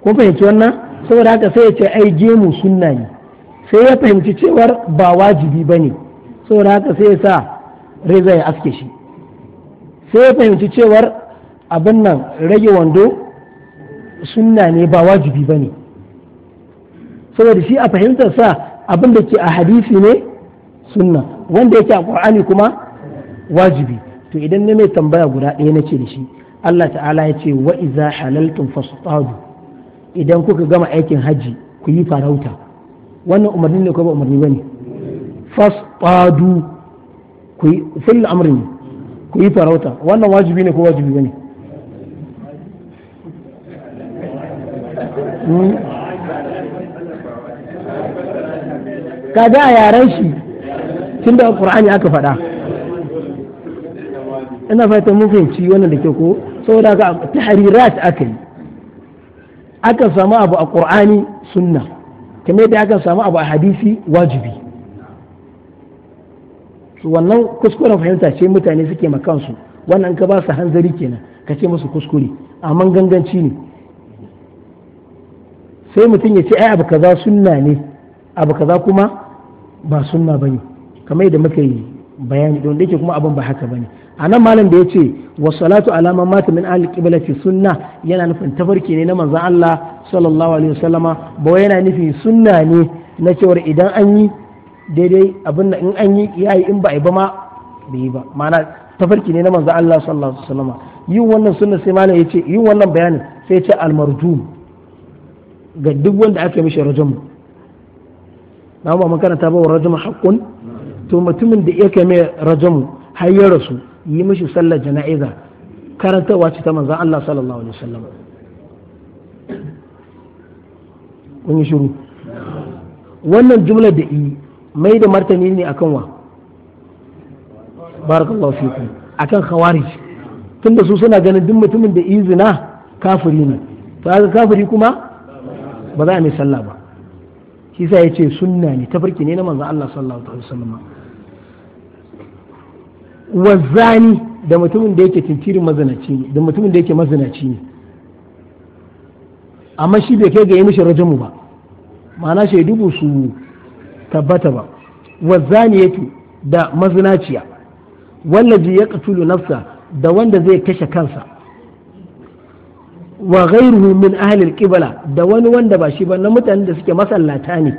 kun fahimci wannan saboda haka sai ya ce ai gemu sunna ne sai ya fahimci cewar ba wajibi ba ne saboda haka sai ya sa reza ya aske shi sai ya fahimci cewar abin nan rage wando sunna ne ba wajibi ba ne saboda shi a fahimtar sa abin da ke a hadisi ne sunna wanda yake a ƙur'ani kuma wajibi to idan na mai tambaya guda ɗaya na ce da shi Allah ta'ala ya ce wa iza halaltum fasutadu idan kuka gama aikin hajji ku yi farauta wannan umarni ne ko ba umarni bane fasadu ku yi fil amri ku yi farauta wannan wajibi ne ko wajibi bane hmm? kaga a yaren shi tun da qur'ani aka faɗa ina fata mun fahimci wannan da ke ko saboda ga tahrirat aka yi Akan samu abu a ƙur'ani sunna kamar yadda akan samu abu a hadisi wajibi wannan kuskuren fahimta ce mutane suke ma kansu wannan ka ba su hanzari kenan ka ce musu kuskure amma ganganci ne sai mutum ya ce ai abu kaza sunna ne abu kaza kuma ba sunna bane kamar yadda muka yi bayani don da ke kuma abin ba haka bane a nan malam da ya ce wasu alatu alama mata min ahli qiblati sunna yana nufin tafarki ne na manzon Allah sallallahu alaihi wasallama ba yana nufin sunna ne na cewar idan an yi daidai abin da in an yi ya yi in ba a yi ba ma bai yi ba ma'ana tafarki ne na manzon Allah sallallahu alaihi wasallama yin wannan sunna sai malam ya ce yin wannan bayanin sai ya ce ga duk wanda aka mishi rajam na ba makaranta ba wa rajam haqqun to mutumin da kai mai rajam har ya rasu yi mishi sallar jana'iza karantarwa ce ta manzan Allah sallallahu alaihi wasallam kun yi shiru wannan jumlar da yi mai da martani ne akan wa barakallahu fikum akan Tun da su suna ganin duk mutumin da izina kafiri ne to aka kafiri kuma ba za a mai sallah ba shi sa ce sunna ne tafarki ne na manzan Allah sallallahu alaihi wasallam wazani da mutumin da yake tintirin mazinaci ne da mutumin da yake mazinaci ne amma shi bai kai ga yi mishi rajamu ba ma'ana shi dubu su tabbata ba wazaniyatu da mazinaciya wallazi ya katulu nafsa da wanda zai kashe kansa wa ghairuhu min ahlil qibla da wani wanda ba shi ba na mutanen da suke masallata ne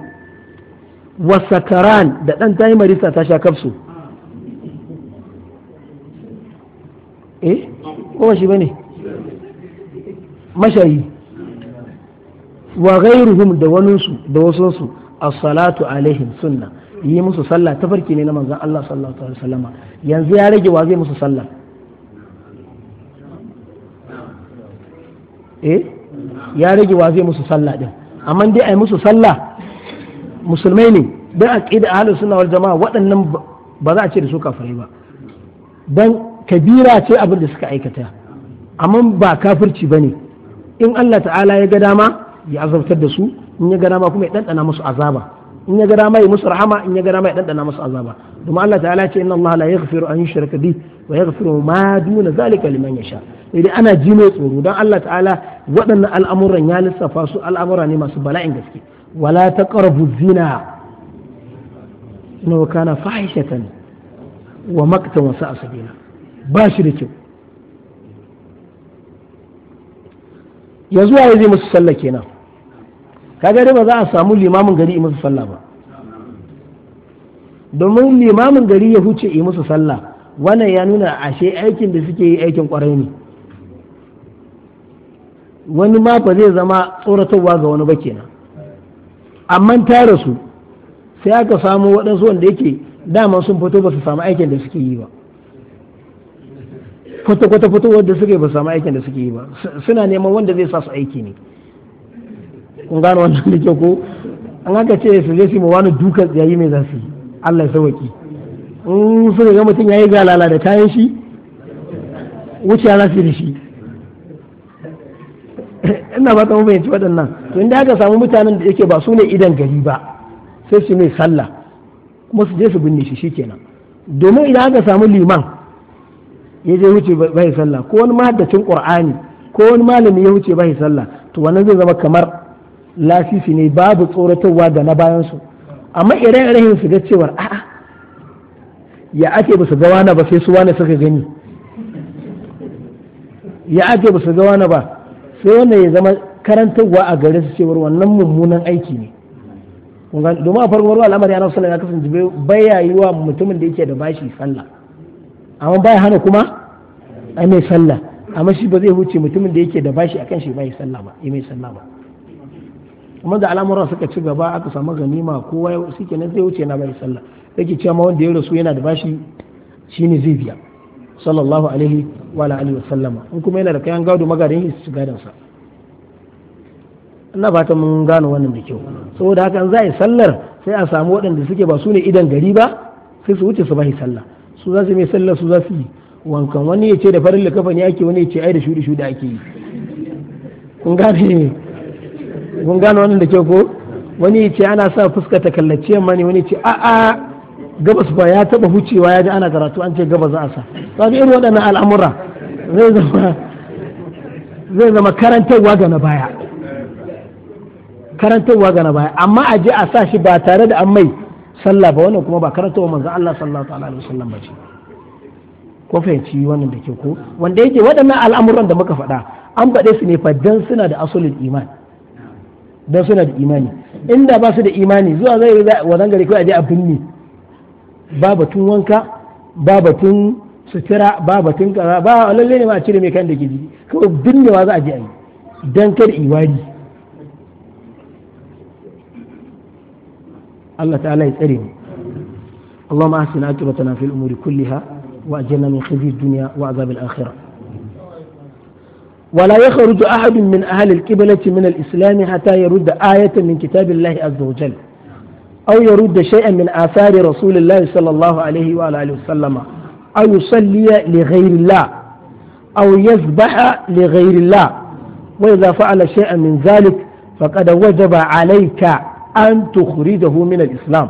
wa sakaran da dan tayi marisa ta sha kafsu eh ko shi bane mashayi wa ghairuhum da waninsu da wasosu? as-salatu alaihim sunna yi musu sallah ta farki ne na manzon Allah sallallahu alaihi wasallama yanzu ya rage wa zai musu sallah eh ya rage wa zai musu sallah din amma dai ai musu sallah musulmai ne dan aqida ahlus sunna wal jamaa waɗannan ba za a ce da su kafirai ba dan kabira ce abin da suka aikata amma ba kafirci ba ne in Allah ta'ala ya ga dama ya azabtar da su in ya ga dama kuma ya dandana musu azaba in ya ga dama ya musu rahama in ya ga dama ya dandana musu azaba domin Allah ta'ala ce inna Allah la yaghfiru an yushraka bi wa yaghfiru ma duna zalika liman yasha idan ana ji mai tsoro dan Allah ta'ala waɗannan al'amuran ya lissafa su al'amura ne masu bala'in gaske wala taqrabu zina innahu kana fahishatan wa maqtan wa sa'a sabila ba shi da kyau yanzu waye zai musu sallah kenan kaga dai ba za a samu limamin gari yi musu sallah ba domin limamin gari ya huce yi musu sallah wannan ya nuna ashe aikin da suke yi aikin kwarai ne wani ma ba zai zama tsoratarwa ga wani ba kenan amma ta rasu sai aka samu waɗansu wanda yake dama sun fito ba su samu aikin da suke yi ba kwata kwata fitowar da suke ba samu aikin da suke yi ba suna neman wanda zai sa su aiki ne kun gano wannan da ke ko an haka ce su zai su ma wani dukan yayi mai za su yi Allah ya sauwaki in suka ga mutum ya yi galala da kayan shi wuce za su da shi ina ba ta mu fahimci waɗannan to inda aka samu mutanen da yake ba su ne idan gari ba sai su mai sallah kuma su je su binne shi shikenan domin idan aka samu liman ya je wuce bai sallah ko wani mahaddacin qur'ani ko wani malami ya wuce bai sallah to wannan zai zama kamar lasisi ne babu tsoratarwa da na bayan su amma irin irin su ga cewar a'a ya ake ba su ga wani ba sai su wani suka gani ya ake ba su ga wani ba sai wannan ya zama karantarwa a gare su cewar wannan mummunan aiki ne domin a farkon al'amari ana sallah ya kasance bai yi wa mutumin da yake da bashi sallah amma baya hana kuma a mai sallah amma shi ba zai wuce mutumin da yake da bashi akan shi bai sallah ba mai sallah ba kuma da al'amuran suka ci gaba aka samu ganima kowa shike nan zai wuce na bai sallah yake cewa ma wanda ya rasu yana da bashi shine zai biya sallallahu alaihi wa alihi wa sallama in kuma yana da kayan gado magarin shi gadan sa ina fata mun gano wannan da kyau saboda haka in za a yi sallar sai a samu waɗanda suke ba su ne idan gari ba sai su wuce su bai sallah su za su mai sallar su za su yi wankan wani ya ce da farin likafa ne ake wani ya ce ai da shudi shudi ake yi kun gane kun gane wannan da ke ko wani ya ce ana sa fuska ta kallace mani wani ya ce a a gabas ba ya taba hucewa ya ji ana karatu an ce gabas za a sa ba irin waɗannan al'amura zai zama zai zama karantarwa ga na baya karantarwa ga na baya amma a je a sa shi ba tare da an mai sallah ba wannan kuma ba wa manzo Allah sallallahu alaihi wasallam ba ce ko fahimci wannan da ke ko wanda yake waɗannan al'amuran da muka faɗa an faɗe su ne fa dan suna da asalin iman dan suna da imani inda ba su da imani zuwa zai wa gari kai aje a binni ba batun wanka ba batun sutura ba batun kaza ba lalle ne ma a cire mai kan da ke jiki binne binnewa za a je a yi dan kar iwari الله تعالى يسألني اللهم أحسن عاقبتنا في الأمور كلها وأجلنا من خزي الدنيا وعذاب الآخرة ولا يخرج أحد من أهل القبلة من الإسلام حتى يرد آية من كتاب الله عز وجل أو يرد شيئا من آثار رسول الله صلى الله عليه وعلى آله وسلم أو يصلي لغير الله أو يذبح لغير الله وإذا فعل شيئا من ذلك فقد وجب عليك an tukhrijahu min al-islam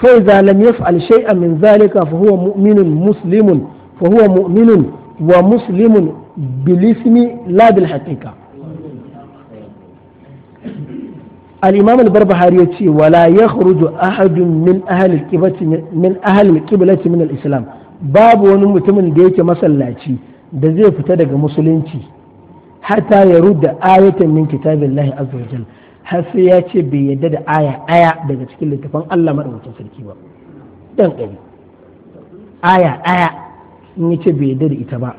fa idza lam yaf'al shay'an min zalika fa huwa mu'minun muslimun fa huwa mu'minun wa muslimun bil ismi la bil haqiqa الإمام البربهاري ولا يخرج أحد من أهل القبلة من أهل القبلة من الإسلام باب ونمتمن ديك مسلاتي musulunci, hata ya حتى ayatan min kitabin كتاب الله عز وجل har sai ya ce bai yadda da aya ɗaya daga cikin littafin Allah maɗaukacin sarki ba dan ɗari aya ɗaya in ya ce bai yadda da ita ba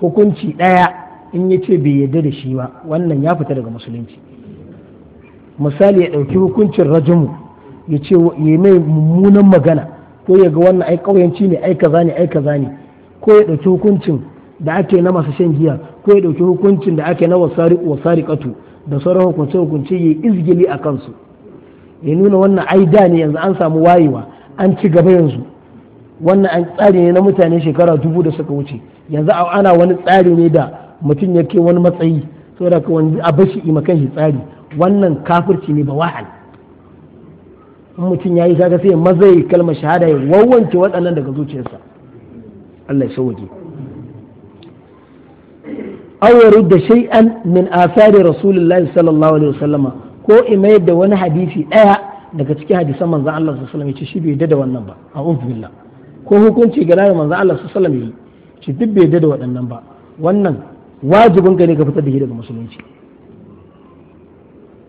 hukunci ɗaya in ya ce bai yadda da shi ba wannan ya fita daga musulunci misali ya ɗauki hukuncin rajumu ya ce ya mai mummunan magana ko ya ga wannan ai ƙauyenci ne ai kaza ne ai kaza ne ko ya ɗauki hukuncin da ake na masu shan giya ko ya dauki hukuncin da ake na katu da sauran hukunce hukunce ya izgili a kansu ya nuna wannan ai da ne yanzu an samu wayewa an ci gaba yanzu wannan an tsari ne na mutane shekara dubu da suka wuce yanzu ana wani tsari ne da mutum ya ke wani matsayi saboda ka wani a bashi imakan shi tsari wannan kafirci ne ba wahal in mutum ya yi kaga sai maza ya kalmar shahada ya wawance waɗannan daga zuciyarsa Allah ya sauke aw yarudda shay'an min athari rasulillahi sallallahu alaihi wasallam ko imai da wani hadisi daya daga cikin hadisan manzon Allah sallallahu alaihi wasallam shi bai yadda da wannan ba a'udhu billah ko hukunci ga rayu manzon Allah sallallahu alaihi wasallam shi duk bai yadda da waɗannan ba wannan wajibin ka ne ka fitar da shi daga musulunci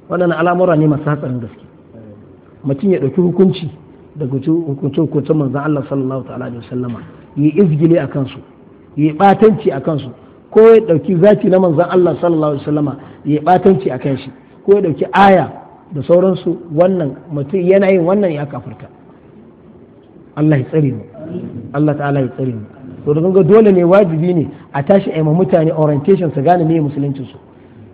waɗannan al'amura ne masu hatsarin gaske mutum ya ɗauki hukunci daga hukuncin hukuncin manzon Allah sallallahu alaihi wasallama yi izgile a kansu yi ɓatanci a kansu ko ya ɗauki zati na manzon Allah sallallahu alaihi wasallama ya a kan shi ko ya ɗauki aya da sauransu wannan mutum yana yin wannan ya kafirta Allah ya tsare mu Allah ta'ala ya tsare mu to da ga dole ne wajibi ne a tashi a mutane orientation su gane meye musulunci su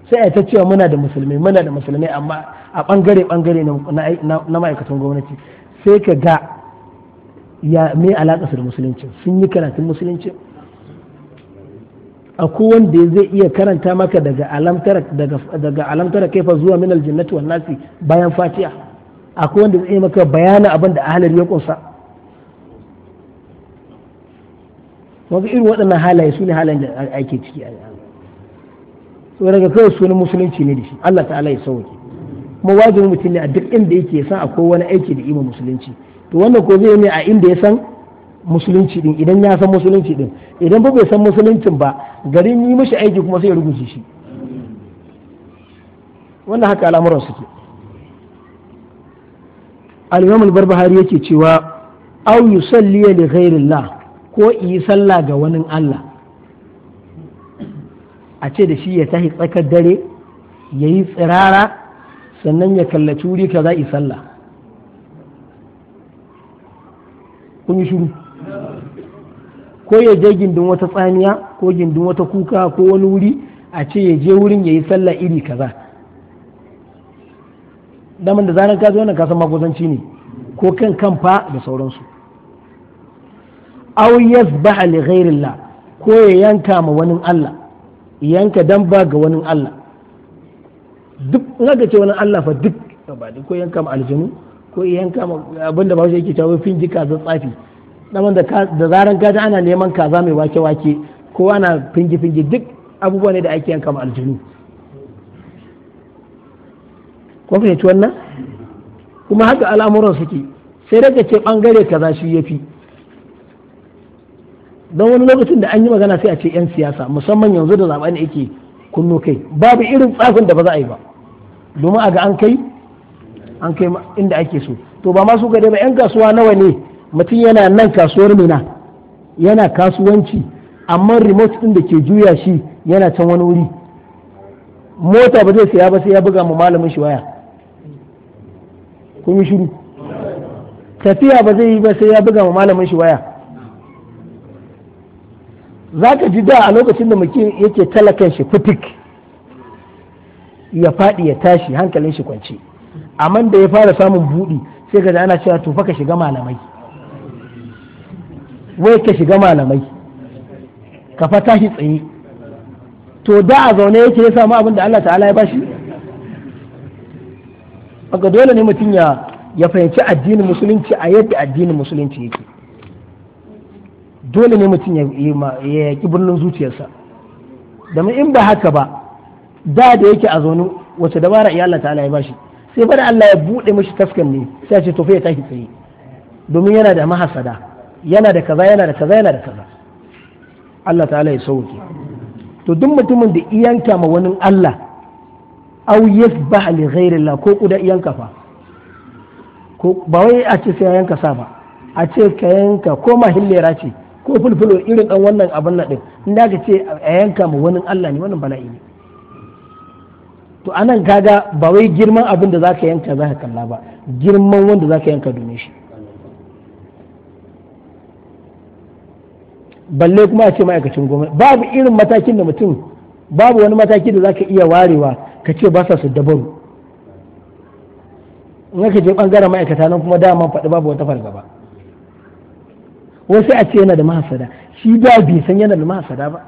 sai a ta cewa muna da musulmai muna da musulmai amma a bangare bangare na ma'aikatan gwamnati sai ka ga ya me alaka su da musulunci sun yi karatun musulunci akwai wanda zai iya karanta maka daga alamtara daga daga alamtara kaifa zuwa min aljannati wan nasi bayan fatiha akwai wanda zai maka bayanin abin da ahlul ya kunsa wanda irin waɗannan halaye su ne halayen da ake ciki a so daga kawai sunan musulunci ne da shi Allah ta'ala ya sauke kuma wajibin mutum ne a duk inda yake san akwai wani aiki da ima musulunci to wannan ko zai ne a inda ya san musulunci din idan ya san musulunci din idan ba bai san musuluncin ba garin yi mashi aiki kuma sai ya rubuce shi wannan haka al'amuran suke al'imam al-barbahari yake cewa aw yusalli li ghairillah ko yi sallah ga wani Allah a ce da shi ya tahi tsakar dare ya yi tsirara sannan ya kallaci wuri kaza yi sallah kun yi shiru ko ya je gindin wata tsaniya ko gindin wata kuka ko wani wuri a ce ya je wurin ya yi sallah iri kaza daman da zaran ka zo wannan kasan makusanci ne ko kan fa da sauransu aw yasbaha li ghairillah ko ya yanka ma wani Allah yanka damba ga wani Allah duk in aka ce wani Allah fa duk ko yanka ma aljinu ko yanka ma abinda ba shi yake cewa fin jika zan tsafi daman da zaran gaji ana neman kaza mai wake-wake ko ana fingi-fingi duk abubuwa ne da ake yanka ma aljinu ko fahimci wannan kuma haka al'amuran suke sai daga ce bangare kaza shi ya fi don wani lokacin da an yi magana sai a ce 'yan siyasa musamman yanzu da zaɓen yake kunno kai babu irin tsafin da ba za a yi ba domin a ga an kai an kai inda ake so to ba masu gade ba 'yan kasuwa nawa ne mutum yana nan kasuwar mina yana kasuwanci amma remote ɗin da ke juya shi yana can wani wuri mota ba zai saya ba sai ya buga mu malamin shi waya kun yi shiru tafiya ba zai yi ba sai ya buga mu malamin shi waya za ka ji da a lokacin da muke yake talakan shi fitik ya faɗi ya tashi hankalin shi kwance amma da ya fara samun buɗi sai ka ana cewa to ka shiga malamai wai ka shiga malamai ka fa tashi tsaye to da a zaune yake ya samu abin da Allah ta'ala ya bashi aka dole ne mutum ya ya fahimci addinin musulunci a yadda addinin musulunci yake dole ne mutum ya yaki birnin zuciyarsa domin in ba haka ba da da yake a zaune wace dabara iya Allah ta'ala ya bashi sai bada Allah ya buɗe mashi taskan ne sai ce to fa ya tashi tsaye domin yana da mahasada yana da kaza yana da kaza yana da kaza Allah ta'ala ya sauke to duk mutumin da iyanka ma wani Allah aw yasba li Allah ko kuda iyanka fa ko ba wai a ce sai yanka sa ba a ce ka yanka ko mahillera ce ko fulfulo irin dan wannan abin nan din in da ka ce a yanka ma wani Allah ne wannan bala'i ne to anan kaga ba wai girman abin da zaka yanka zaka kalla ba girman wanda zaka yanka domin shi balle kuma a ce ma'aikacin gwamnati babu irin matakin da mutum babu wani mataki da zaka iya warewa ka ce ba sa su dabaru in aka je bangaren ma'aikata nan kuma dama faɗi babu wata fargaba wasu a ce yana da mahasada shi da bai san yana da mahasada ba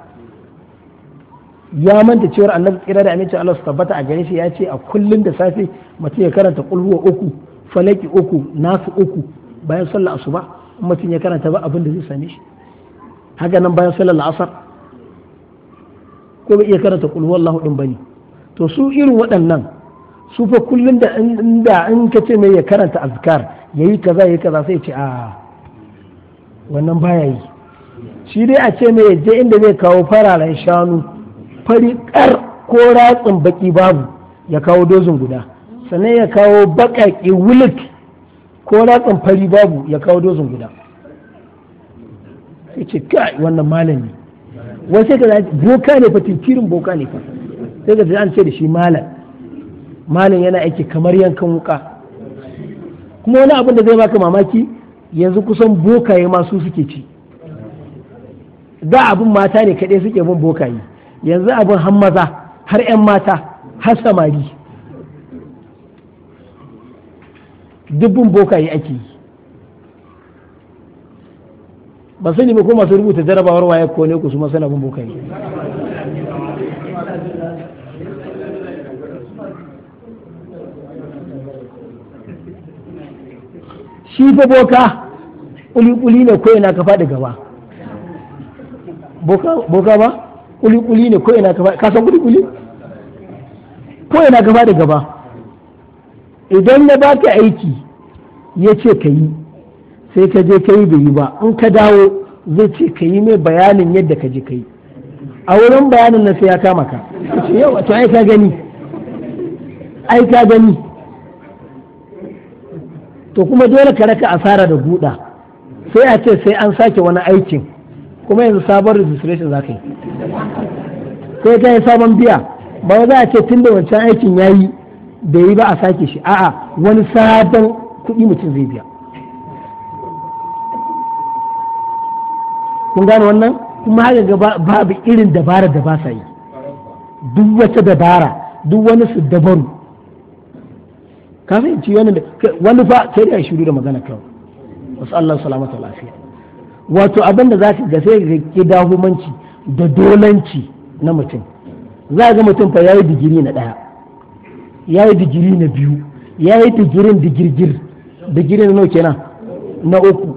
ya manta cewar annabi tsira da amincin Allah su tabbata a gare shi ya ce a kullun da safe mutum ya karanta kulhuwa uku falaki uku nasu uku bayan sallah asuba mutum ya karanta ba abin da zai same shi haka nan bayan salar la'asar ko bai iya karanta kulwar wallahu ba ne to su irin waɗannan su fa kullum da inda in ka ce mai ya karanta azkar yayi kaza yayi kaza sai ce a wannan baya yi shi dai a ce mai je inda zai kawo fararen shanu fari kar ko ratsin baki babu ya kawo dozin guda sannan ya kawo baƙaƙe wulik ko ratsin fari babu ya kawo dozin guda sai ce kai wannan malami wai sai ka boka ne fa tinkirin boka ne fa sai ka an ce da shi malam malam yana aiki kamar yankan wuka kuma wani abin da zai baka mamaki yanzu kusan bokaye masu su suke ci da abin mata ne kaɗai suke bin bokaye yanzu abin har maza har 'yan mata har samari dubbin bokaye ake yi ba sani ba ko masu rubuta jarabawar waye ko ne ku su masalafin bukari shi fa boka kuli-kuli ne ko ina ka faɗi gaba boka ba kuli-kuli ne ko ina ka faɗi kasan kuli-kuli ko ina ka faɗi gaba idan na baka aiki ya ce ka yi sai ka je ka yi bai yi ba in ka dawo zai ce ka yi mai bayanin yadda ka je ka yi a wurin bayanin na sai ya kama ka ce to ai ka gani ai ka gani to kuma dole ka raka asara da guda sai a ce sai an sake wani aikin kuma yanzu sabon registration za ka yi sai ka yi sabon biya ba za a ce tun da wancan aikin ya yi bai yi ba a sake shi a'a wani sabon kuɗi mutum zai biya kun gane wannan kuma haka ga babu irin dabara da ba sa yi duk wata dabara duk wani su dabaru ka fahimci wani fa sai da shiru da magana kawai wasu Allah salamata lafiya wato abinda da za ga sai ga da dolanci na mutum za ga mutum fa yayi digiri na daya yayi digiri na biyu yayi digirin digirgir digiri na nawa kenan na uku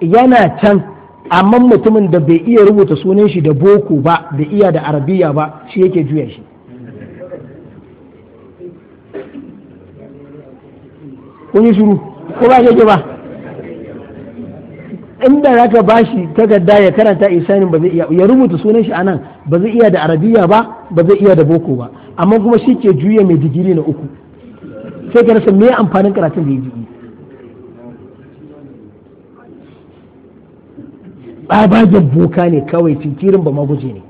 yana can amma mutumin da bai iya rubuta sunan shi da boko ba da iya da arabiya ba shi yake juya shi Ko yi shuru ko ba yake ba inda za ka ta takarda ya karanta isanin ba zai iya ya rubuta sunan shi anan ba zai iya da arabiya ba ba zai iya da boko ba amma kuma shi ke juya mai digiri na uku sai ka rasa me amfanin karatun da ya digiri tsabagen boka ne kawai tinkirin ba maguje ne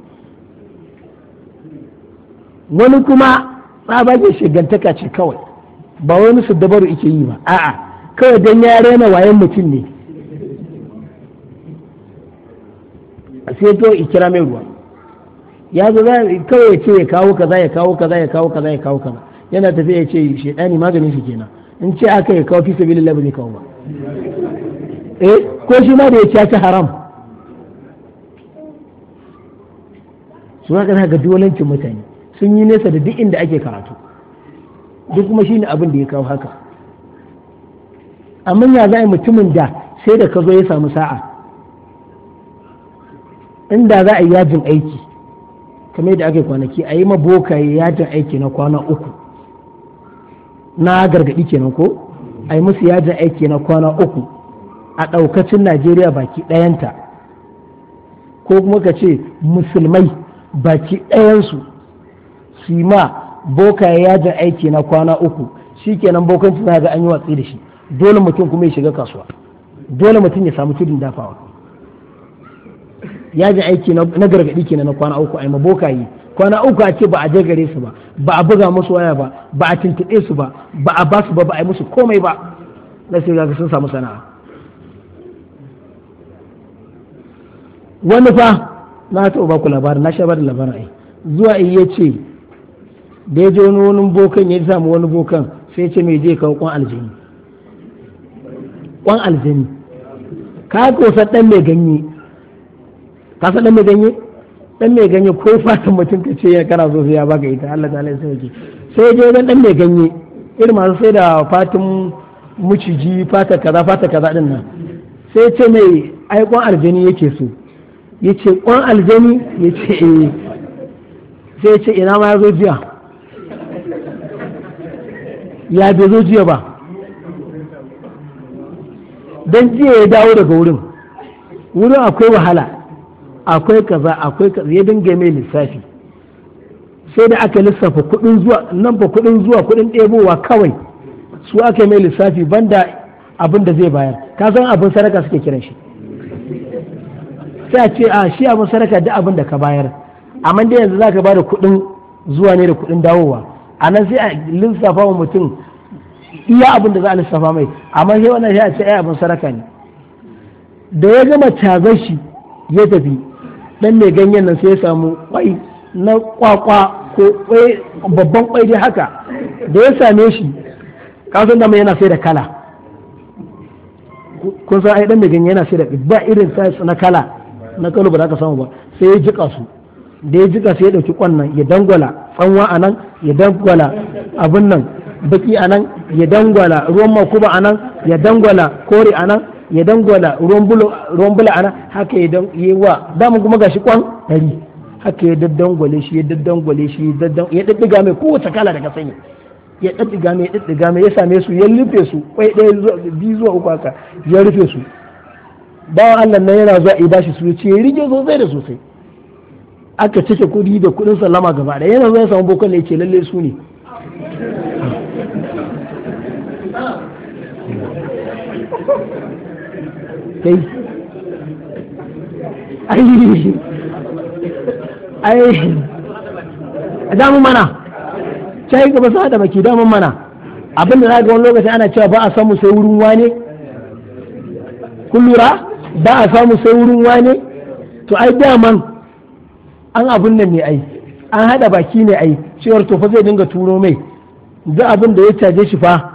wani kuma tsabagen shigantaka ce kawai ba wani su dabaru ike yi ba a'a kawai don ya rena wayan mutum ne a sai to ikira mai ruwa ya zo kawai ya ce ya kawo kaza ya kawo kaza ya kawo kaza ya kawo kaza yana tafiya ya ce shedani maganin shi kenan in ce aka ya kawo fi sabilillah ba zai kawo ba eh ko shi ma da ya ci haram su ga za ga duwalancin mutane sun yi nesa da duk inda ake karatu duk kuma shine abin da ya kawo haka amma ya za a yi mutumin da sai da ka zo ya samu sa'a inda za a yi yajin aiki kamar yadda ake kwanaki a yi bokaye yajin aiki na kwana uku na gargaɗi kenan ko a yi musu yajin aiki na kwana uku a ɗaukacin najeriya baki ɗayanta ko kuma ka ce musulmai baki ɗayansu su ma boka ya yajin aiki na kwana uku shi kenan bokanci na ga an yi watsi da shi dole mutum kuma ya shiga kasuwa dole mutum ya samu tudun dafawa yajin aiki na gargaɗi kenan na kwana uku ai ma boka yi kwana uku a ce ba a je su ba ba a buga musu waya ba ba a tuntuɓe su ba ba a basu ba ba a yi musu komai ba na sai ga sun samu sana'a wani fa na taɓa ba ku labarin na shabar da labarin ai zuwa in ya ce da ya je wani wani bokan ya samu wani bokan sai ya ce mai je kawo kwan aljini kwan aljini ka kosa dan mai ganye ka san dan mai ganye dan mai ganye ko fatan mutum ka ce kana so sai ya baka ita Allah ta alai sauki sai je wani dan mai ganye irin masu sai da fatin muciji fata kaza fata kaza din nan sai ce mai kwan aljini yake so ya ce ƙwan aljani ya ce eh sai ya ce ina ma ya zo jiya ya bai zo jiya ba don jiya ya dawo daga wurin wurin akwai wahala akwai kaza akwai kaza ya dinga mai lissafi sai da aka lissafa kudin zuwa nan ba kudin zuwa kudin ɗebowa kawai su aka mai lissafi banda abin da zai bayar ka san abin sadaka suke kiran shi sai a ce a shi abin sadaka duk abin da ka bayar amma dai yanzu za ka ba da kuɗin zuwa ne da kuɗin dawowa a nan sai a lissafa wa mutum iya abin da za a lissafa mai amma sai wannan sai a ce ai abin sadaka ne da ya gama cazar shi ya tafi dan mai ganyen nan sai ya samu kwai na kwakwa ko kwai babban kwai dai haka da ya same shi kasan da mai yana sai da kala kun san ai dan mai ganyen yana sai da ba irin sai na kala na kano ba za ka samu ba sai ya jika su da ya jika su ya dauki kwannan ya dangwala tsanwa a nan ya dangwala abin nan baki a nan ya dangwala ruwan makuba a nan ya dangwala kore a nan ya dangwala ruwan bula a nan haka ya yi wa damun kuma gashi kwan ɗari haka ya daddangwale shi ya daddangwale shi ya daddiga mai kowace kala daga sanyi ya daddiga mai ya daddiga mai ya same su ya rufe su kwai ɗaya biyu zuwa uku haka ya rufe su bawan Allah na yana zuwa ya bashi su ce rike sosai da sosai aka cike kudi da kudin sallama gaba da yana zuwa ya samu bokon ne ce lalle su ne ai damu mana sai gaba sa da baki damun mana abinda na ga wani lokaci ana cewa ba a samu sai wurin wane kun lura ba a samu sai wurin wane to ai daman an abun nan ne ai an haɗa baki ne ai cewar to fa zai dinga turo mai za abin da ya caje shi fa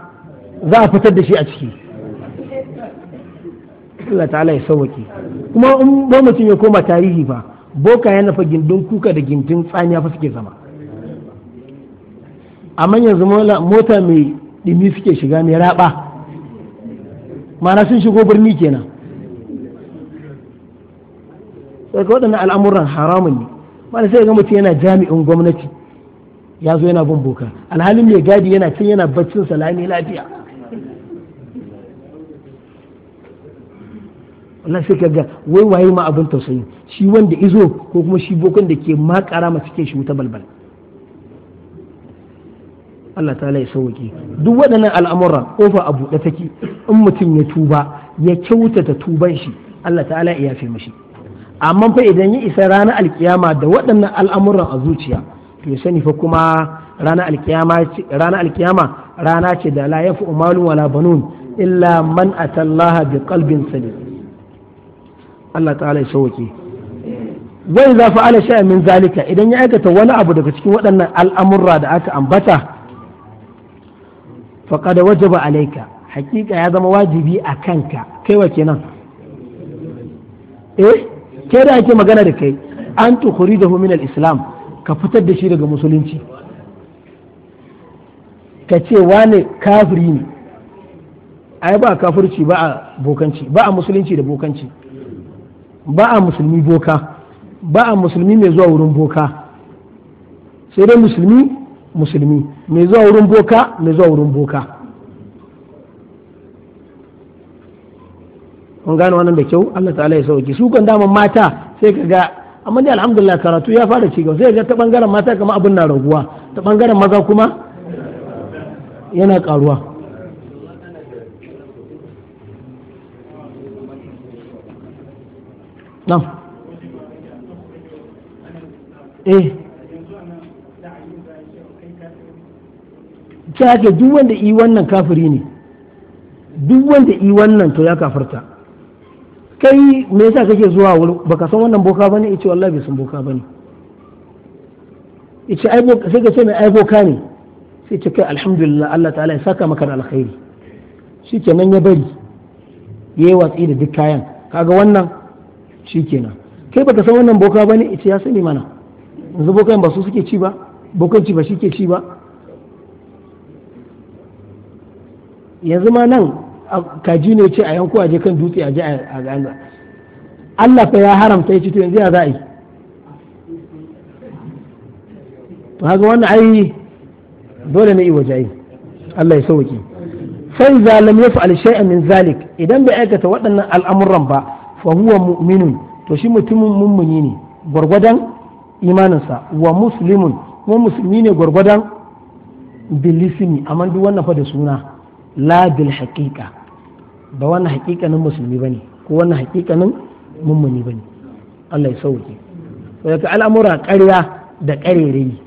za a fitar da shi a ciki Allah ta'ala ya sauwake kuma in ba mutum ya koma tarihi fa boka yana fa gindin kuka da gindin tsaniya fa suke zama amma yanzu mota mai dimi suke shiga mai raba mana sun shigo birni kenan sai ga waɗannan al'amuran haramun ne mana sai ga mutum yana jami'in gwamnati ya zo yana bin boka alhalin mai gadi yana can yana baccin salami lafiya Wannan sai kaga wai waye ma abin tausayi shi wanda izo ko kuma shi bokon da ke makara ma cikin shi wuta balbal Allah ta ya sauke duk waɗannan al'amura kofa a buɗe take in mutum ya tuba ya kyautata tuban shi Allah ta'ala ya yafe mashi amma fa idan ya isa ranar alkiyama da waɗannan al'amuran a zuciya to ya sani fa kuma ranar alkiyama rana ce da la yafi umalu wala banun illa man atallaha bi kalbin salim Allah ta'ala ya sauke wai za fa'ala shay'an min zalika idan ya aikata wani abu daga cikin waɗannan al'amurra da aka ambata faqad wajaba alayka hakika ya zama wajibi a kanka kai wa kenan eh ke da ake magana da kai an tukuri da min al-islam ka fitar da shi daga musulunci ka ce wane kafiri ne ai ba kafirci ba a bokanci ba a musulunci da bokanci ba a musulmi boka ba a musulmi mai zuwa wurin boka sai dai musulmi musulmi mai zuwa wurin boka mai zuwa wurin boka mun gano wannan da kyau Allah ta'ala ya sauki su kan dama mata sai ka ga amma dai alhamdulillah karatu ya fara cigaba sai ga ta bangaren mata kamar abin na raguwa ta bangaren maza kuma yana karuwa nan eh ta haka duk wanda i wannan kafiri ne duk wanda i wannan to ya kafarta kai me yasa kake zuwa wuri baka san wannan boka bane yace wallahi bai san boka bane yace ai boka sai ka ce mai ai boka ne sai ce kai alhamdulillah Allah ta'ala ya saka maka da alkhairi shikenan ya bari yayi watsi da duk kayan kaga wannan shikenan kai baka san wannan boka bane yace ya sani mana yanzu bokan ba su suke ci ba ci ba shi ke ci ba yanzu ma nan kaji ne ce a yanku a kan dutse a je a gana Allah fa ya haramta ya ce to yanzu ya za yi to haka wannan ai dole ne yi waje Allah ya sauki fa idza lam yaf'al shay'an min zalik idan bai aikata waɗannan al'amuran ba fa huwa mu'minun to shi mutumin mummuni ne gwargwadon imaninsa wa muslimun kuma musulmi ne gwargwadon bilisimi amma duk wannan fa da suna la bil haqiqa ba wannan hakikanin musulmi bane ko wannan hakikanin mummuni bane Allah ya sauke daga al'amura ƙarya da ƙarerayi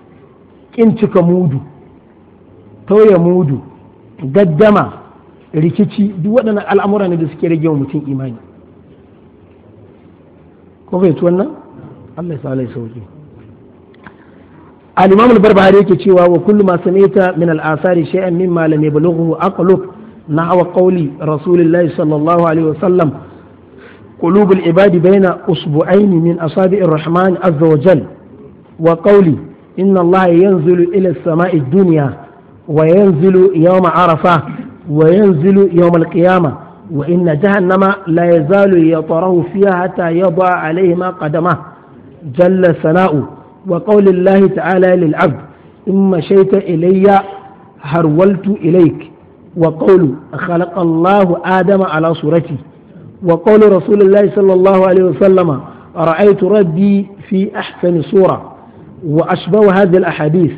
kin cika mudu tauye mudu gaddama rikici duk waɗannan al'amura ne da suke rage wa mutum imani ko fahimci wannan Allah ya Allah ya sauke al-imam al-barbahari yake cewa wa kullu ma sami'ta min al-asari shay'an mimma lam yablughu aqluk نحو قول رسول الله صلى الله عليه وسلم قلوب العباد بين أصبعين من أصابع الرحمن عز وجل وقولي إن الله ينزل إلى السماء الدنيا وينزل يوم عرفة وينزل يوم القيامة وإن جهنم لا يزال يطره فيها حتى يضع عليهما قدمه جل ثناؤه وقول الله تعالى للعبد إن مشيت إلي هرولت إليك وقول خلق الله آدم على صورته وقول رسول الله صلى الله عليه وسلم رأيت ربي في أحسن صورة وأشبه هذه الأحاديث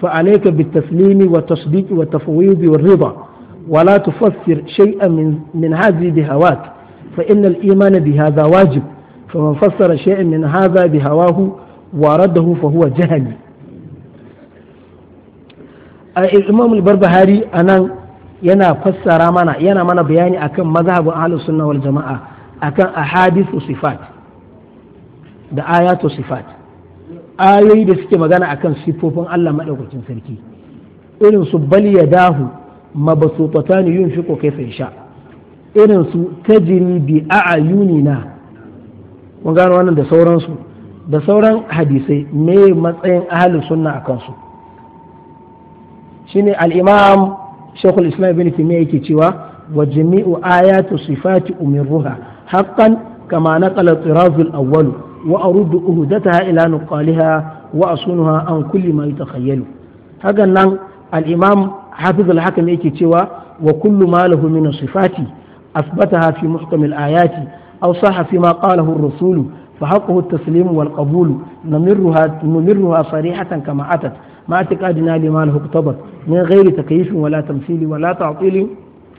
فعليك بالتسليم والتصديق والتفويض والرضا ولا تفسر شيئا من, من هذه بهواك فإن الإيمان بهذا واجب فمن فسر شيئا من هذا بهواه ورده فهو جهل الإمام البربهاري أنا yana fassara mana yana mana bayani akan mazhabin ahlus sunna wal jama'a akan ahadithu sifat da ayatu sifat ayoyi da suke magana akan sifofin Allah madaukakin sarki irin su bal yadahu mabsutatan yunfiqu kayfa yasha irin su tajri bi a'yunina mun gano wannan da sauransu da sauran hadisai me matsayin ahlus sunna akan su shine al-imam shekul islam ibn timiya yake cewa wa jami'u ayatu sifati umirruha haqqan kama naqala tirazul awwal wa aruddu uhudataha ila nuqaliha wa a asunuha an kulli ma yatakhayyalu hakan nan al-imam hafiz al-hakim yake cewa wa kullu ma lahu min sifati asbataha fi muhkam ayati aw sahha fi ma qalahu ar-rasul fa haqqu at-taslim wal qabul namirruha namirruha sarihatan kama atat ما اعتقادنا لما له اقتضت من غير تكييف ولا تمثيل ولا تعطيل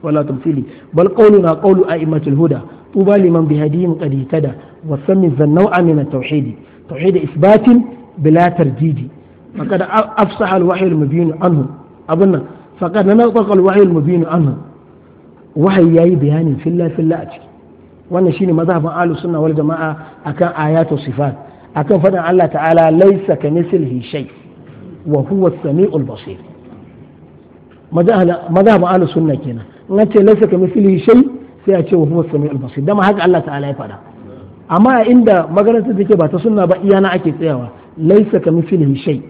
ولا تمثيل بل قولنا قول أئمة الهدى طوبى لمن بهديهم قد اهتدى وسمي النوع من التوحيد توحيد إثبات بلا ترديد فقد أفصح الوحي المبين عنه أظن فقد نطق الوحي المبين عنه وحي ياي بيان في الله في الله أتي وأن شيني مذهب أهل السنة والجماعة أكان آيات وصفات أكان فدع الله تعالى ليس كمثله شيء wa huwa sami'ul basir mazhab ahlus sunna kenan in ce laysa kamithlihi shay sai a ce wa huwa sami'ul basir dama haka Allah ta'ala ya faɗa amma a inda maganar take ba ta sunna ba iyana ake tsayawa laysa kamithlihi shay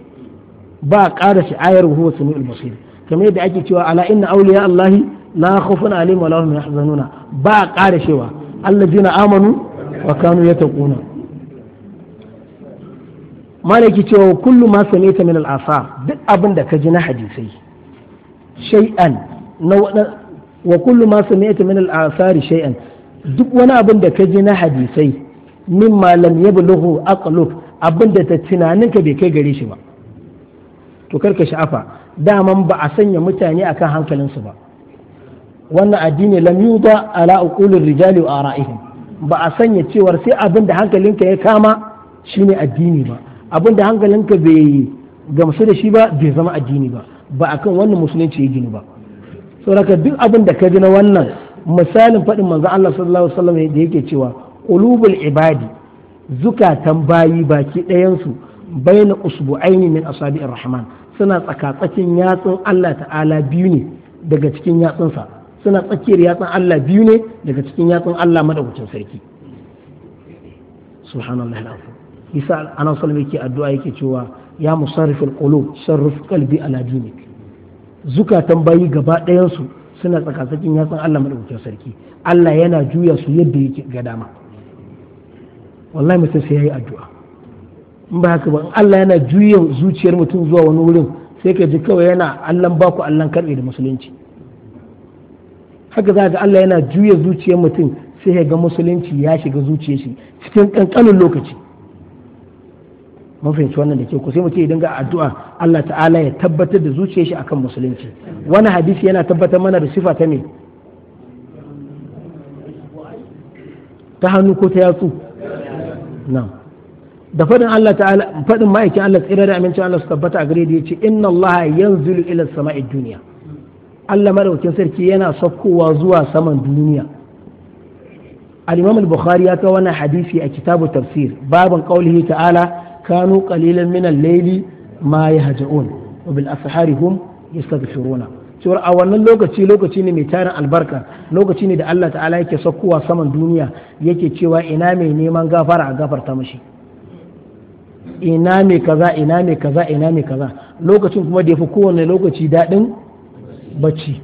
ba ƙara shi ayar wa huwa sami'ul basir kamar yadda ake cewa ala inna awliya Allahi la khawfun alaihim wa la hum yahzanuna ba ƙara shewa allazina amanu wa ta kuna. malaki cewa kullum ma sami'ta min al duk abin da ka ji na hadisai shay'an na wa kullum ma sami'ta min al shay'an duk wani abin da ka ji na hadisai mimma lam yablughu aqluk abin da ta tunaninka bai kai gare shi ba to karka sha'afa daman ba a sanya mutane akan hankalinsu ba wannan addini lam yuda ala uqulir rijali wa ara'ihim ba a sanya cewar sai abin da hankalinka ya kama shine addini ba abin da hankalinka bai gamsu da shi ba bai zama addini ba ba a kan wannan musulunci ya gini ba saboda duk abin da ka ji na wannan misalin faɗin manzan Allah sallallahu alaihi wasallam da yake cewa ƙulubul ibadi zukatan bayi baki ɗayansu baina usbu'aini min asabi'ir rahman suna tsakatsakin yatsun Allah ta'ala biyu ne daga cikin yatsunsa suna tsakiyar yatsun Allah biyu ne daga cikin yatsun Allah madaukakin sarki subhanallahi alazim isa anan salama yake addu'a yake cewa ya musarrifil qulub sarrif qalbi ala dinik zukatan bayi gaba ɗayan su suna tsakatsakin yatsan Allah madaukakin sarki Allah yana juya su yadda yake ga dama wallahi mutum sai yayi addu'a in ba haka ba in Allah yana juya zuciyar mutum zuwa wani wurin sai ka ji kawai yana Allah baku Allah karbe da musulunci haka za ga Allah yana juya zuciyar mutum sai ya ga musulunci ya shiga zuciyar shi cikin kankanin lokaci mun fahimci wannan da ke ku sai mu ce idan ga addu'a Allah ta'ala ya tabbatar da zuciyar shi akan musulunci wani hadisi yana tabbatar mana da sifa ta me ta hannu ko ta yatsu na'am da fadin Allah ta'ala fadin ma'aikin Allah tsira da amincin Allah su tabbata a gare da yace inna Allah yanzilu ila sama'i duniya Allah madaukin sarki yana saukowa zuwa saman duniya al-Imam al-Bukhari ya kawo wannan hadisi a kitabu tafsir babin qaulihi ta'ala kanu قليلا من الليل layli ma yahja'un هم يستغفرون ashari hum cewar a wannan lokaci lokaci ne mai tarin albarka lokaci ne da Allah ta'ala yake saukowa saman duniya yake cewa ina mai neman gafara a gafarta mashi ina mai kaza ina mai kaza ina mai kaza lokacin kuma da yafi kowane lokaci daɗin bacci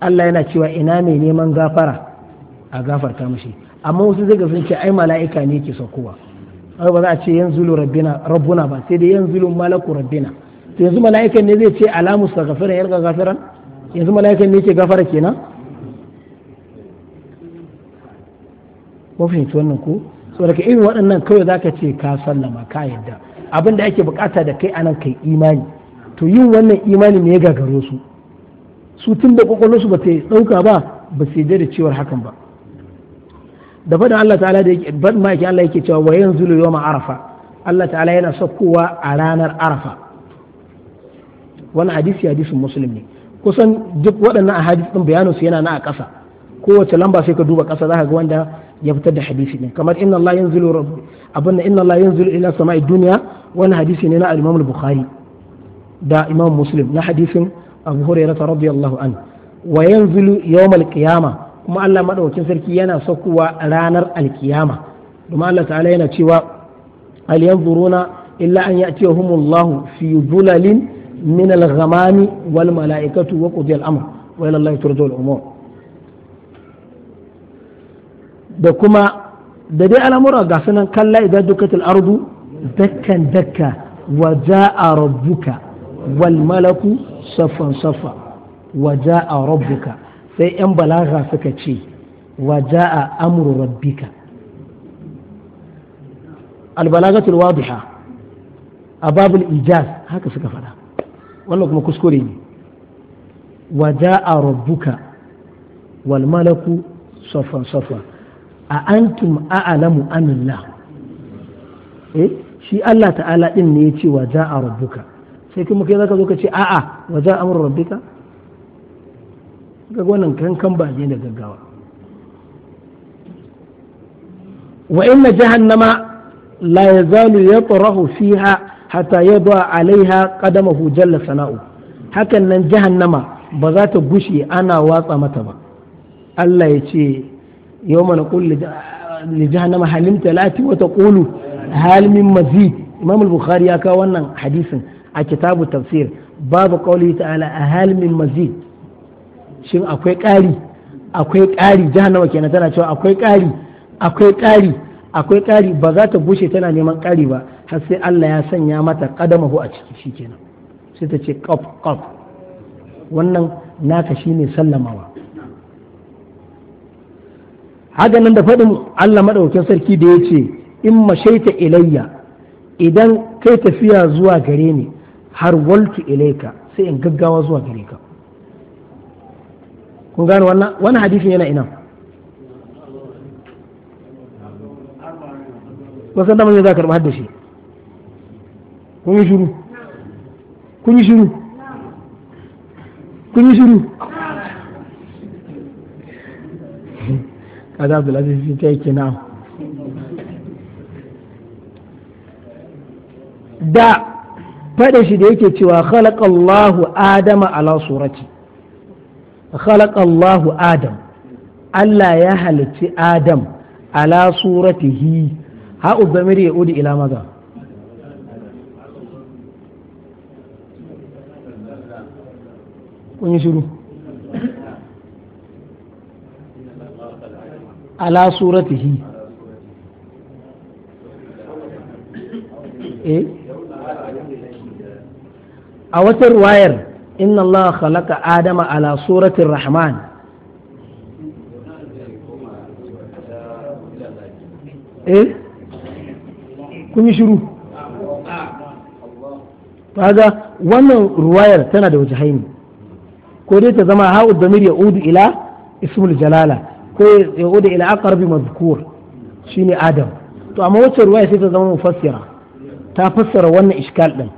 Allah yana cewa ina mai neman gafara a gafarta mashi amma wasu zai ga sun ce ai mala'ika ne ke saukowa ai ba za a ce yanzu lu rabbina rabbuna ba sai dai yanzu lu malaku rabbina to yanzu mala'ikan ne zai ce ala gafara yarga ghafiran yanzu mala'ikan ne ke gafara kenan ko fahimci wannan ko saboda ka irin waɗannan kawai zaka ce ka sallama ka yadda abin da ake bukata da kai anan kai imani to yin wannan imani ne ya gagaro su su tun da su ba ta ɗauka ba ba su yarda da cewar hakan ba da faɗin Allah ta'ala da yake ban ma Allah yake cewa wa yanzulu yawma arafa Allah ta'ala yana sakkowa a ranar arafa wannan hadisi hadisin muslim ne kusan duk waɗannan ahadis din bayanin su yana na a ƙasa kowace lamba sai ka duba ƙasa zaka ga wanda ya fitar da hadisi ne kamar inna Allah yanzulu rabbi abinda inna Allah yanzulu ila sama'i duniya wani hadisi ne na al-Imam al-Bukhari da Imam Muslim na hadisin Abu Hurairah radiyallahu anhu wa yanzulu yawmal qiyamah kuma Allah madaukakin sarki yana sakuwa ranar alkiyama domin Allah ta'ala yana cewa hal yanzuruna illa an ya'tiyahumullahu fi dhulalin min al-ghamami wal mala'ikatu wa qudiya al-amr wa ila Allah turja'u al-umur da kuma da dai al'amura ga sunan kalla idan dukatul ardu dakkan dakka wa ja'a rabbuka wal malaku saffan saffa wa ja'a rabbuka sai 'yan balaga suka ce wa ja'a amru rabbika albalagatul wadiha a babul ijaz haka suka fada wannan kuma kuskure ne wa ja'a rabbuka wal malaku safan safa a antum a'lamu amillah eh shi Allah ta'ala din ne ya ce wa ja'a rabbuka sai kuma kai zaka zo ka ce a'a wa ja'a amru rabbika ga wannan kankan ba ne da gaggawa wa inna jahannama la yazalu yatrahu fiha hatta yadwa alaiha qadamahu jalla sana'u hakan nan jahannama ba za ta gushe ana watsa mata ba Allah ya ce yau mana kulli li jahannama halim talati wa taqulu hal min mazid imam al-bukhari ya kawo wannan hadisin a kitabu tafsir babu qawli ta'ala hal min mazid shin akwai ƙari akwai ƙari nawa kenan tana cewa akwai ƙari akwai ƙari akwai ƙari ba za ta bushe tana neman ƙari ba har sai Allah ya sanya mata ƙadamahu a ciki shi kenan sai ta ce ƙaf ƙaf wannan naka shine sallamawa haka nan da faɗin Allah maɗaukin sarki da ya ce in mashaita ilayya idan kai tafiya zuwa gare ni har waltu ilaika sai in gaggawa zuwa gare ka kun gane wannan wani hadisin yana ina wasan da manyan za karɓi haddashi kun yi shiru kun yi shiru kun yi shiru kaza abdulaziz sai ta yake na da faɗa shi da yake cewa khalaqallahu adama ala surati khalaqallahu adam Allah ya halicci adam ala suratihi ha ubamir ya udi ila maza kun yi shiru ala suratihi eh a wata ruwayar inna Allah khalaqa adama ala suratin rahman eh kun shiru kaga wannan ruwayar tana da wajahaini ko dai ta zama ha'u damir ya udu ila ismul jalala ko ya udu ila aqrabi mazkur shine adam to amma wacce ruwaya sai ta zama mufassira ta fassara wannan iskal din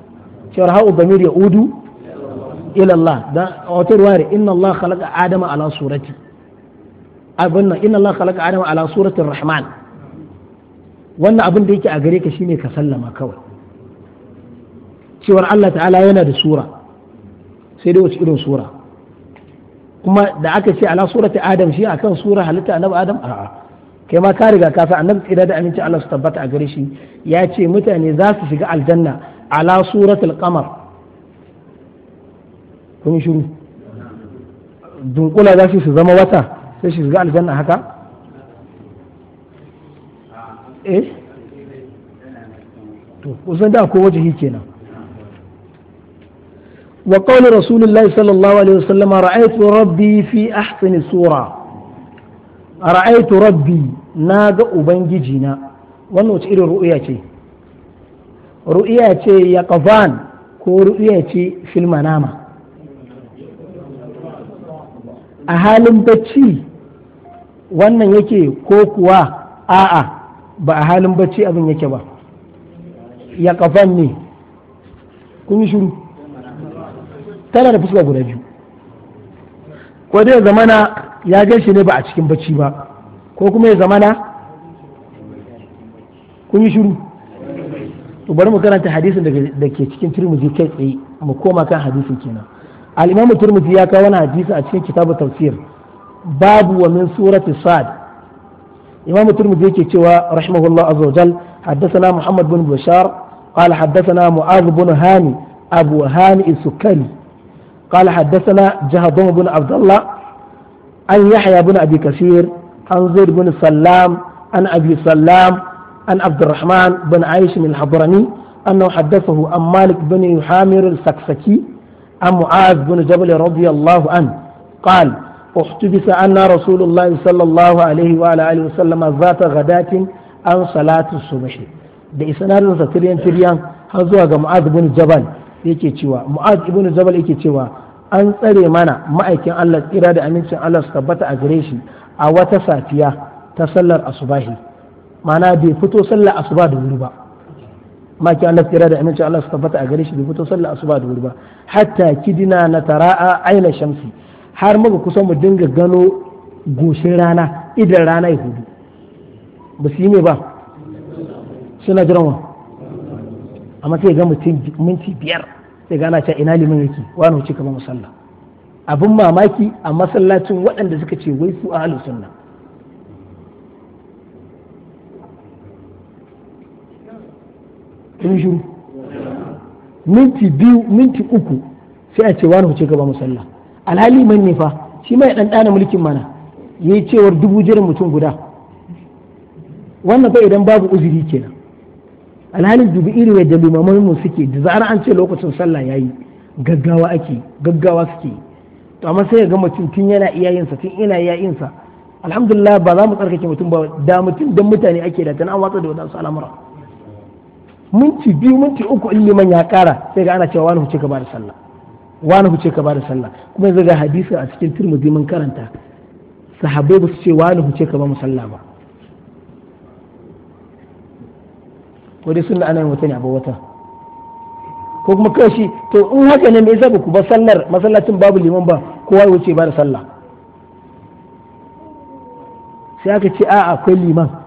cewa ha'u damir ya udu ila Allah dan adama ala surati adama ala suratir rahman wannan yake a gare ka shine ka sallama kawai cewar Allah ta'ala yana da sura sai dai wace irin sura kuma da aka ce ala surati adam shi akan sura halitta annabi adam a'a ma ka riga ka tsira da aminci Allah tabbata a gare shi ya ce mutane zasu shiga aljanna ala suratul qamar kun yi shiru dunkula za su zama wata sai shi shiga aljanna haka eh to kusan da akwai wajihi kenan wa qawli rasulullahi sallallahu alaihi wasallam ra'aytu rabbi fi ahsani sura ra'aytu rabbi na ga ubangiji na wannan wace irin ru'ya ce ru'ya ce ya qafan ko ru'ya ce fil manama a halin bacci wannan yake ko kuwa a'a ba a halin bacci abin yake ba ya kafan ne kun yi shuru tana da fuska guda biyu ko dai zamana ya gaishe ne ba a cikin bacci ba ko kuma ya zamana kun yi shuru to bari mu karanta hadisin da ke cikin turmuzi kai tsaye mu koma kan hadisin kenan al-imamu ya kawo wani hadisi a cikin kitabu tafsir babu wa min surati sad imamu turmudi yake cewa rahimahullah azza haddasana muhammad bin bashar qala haddasana mu'az bin hani abu hani as-sukari qala haddathana jahdum bin abdullah an yahya bin abi kasir an zaid bin sallam an abi sallam an abdurrahman bin aish al-hadrami أنه حدثه malik bin بن يحامر saksaki. عن معاذ بن جبل رضي الله عنه قال احتبس عنا رسول الله صلى الله عليه وعلى آله وسلم ذات غداة عن صلاة الصبح da isanarin sa tiryan tiryan har zuwa ga mu'az ibn jabal yake cewa mu'az ibn jabal yake cewa an tsare mana ma'aikin Allah tsira da amincin Allah su tabbata a gare shi a wata safiya ta sallar asubahi ma'ana bai fito sallar asuba da wuri ba maki Allah tsira da aminci Allah su tabbata a gare shi da fito sallar asuba da wuri ba hatta kidina na tara'a aina shamsi har muka kusa mu dinga gano goshin rana idan rana ya hudu ba su yi ne ba suna jiran wa amma sai ga mutum minti biyar sai gana ta ina liman yake wani wuce kamar musalla abin mamaki a masallacin waɗanda suka ce wai su a ahlus sunna minti biyu minti uku sai a ce wani huce gaba musalla alhali man ne fa shi mai ɗanɗana mulkin mana yayi yi cewar dubu jirin mutum guda wannan fa idan babu uzuri kenan alhali dubu iri da limaman mu suke da zara an ce lokacin sallah yayi gaggawa ake gaggawa suke to amma sai ga mutum tun yana sa tun ina sa alhamdulillah ba za mu tsarkake mutum ba da mutum dan mutane ake da tana watsa da wadansu al'amura minti biyu minti uku in liman ya kara sai ga ana cewa wani huce ka bada sallah wani huce ka da sallah kuma yanzu ga hadisi a cikin turmudi mun karanta sahabbai ba su ce wani huce ka ba mu sallah ba ko dai sunna ana yin wata ne abu wata ko kuma kashi shi to in haka ne me yasa ba ku ba sallar masallacin babu liman ba kowa ya huce ba da sallah sai aka ce a'a akwai liman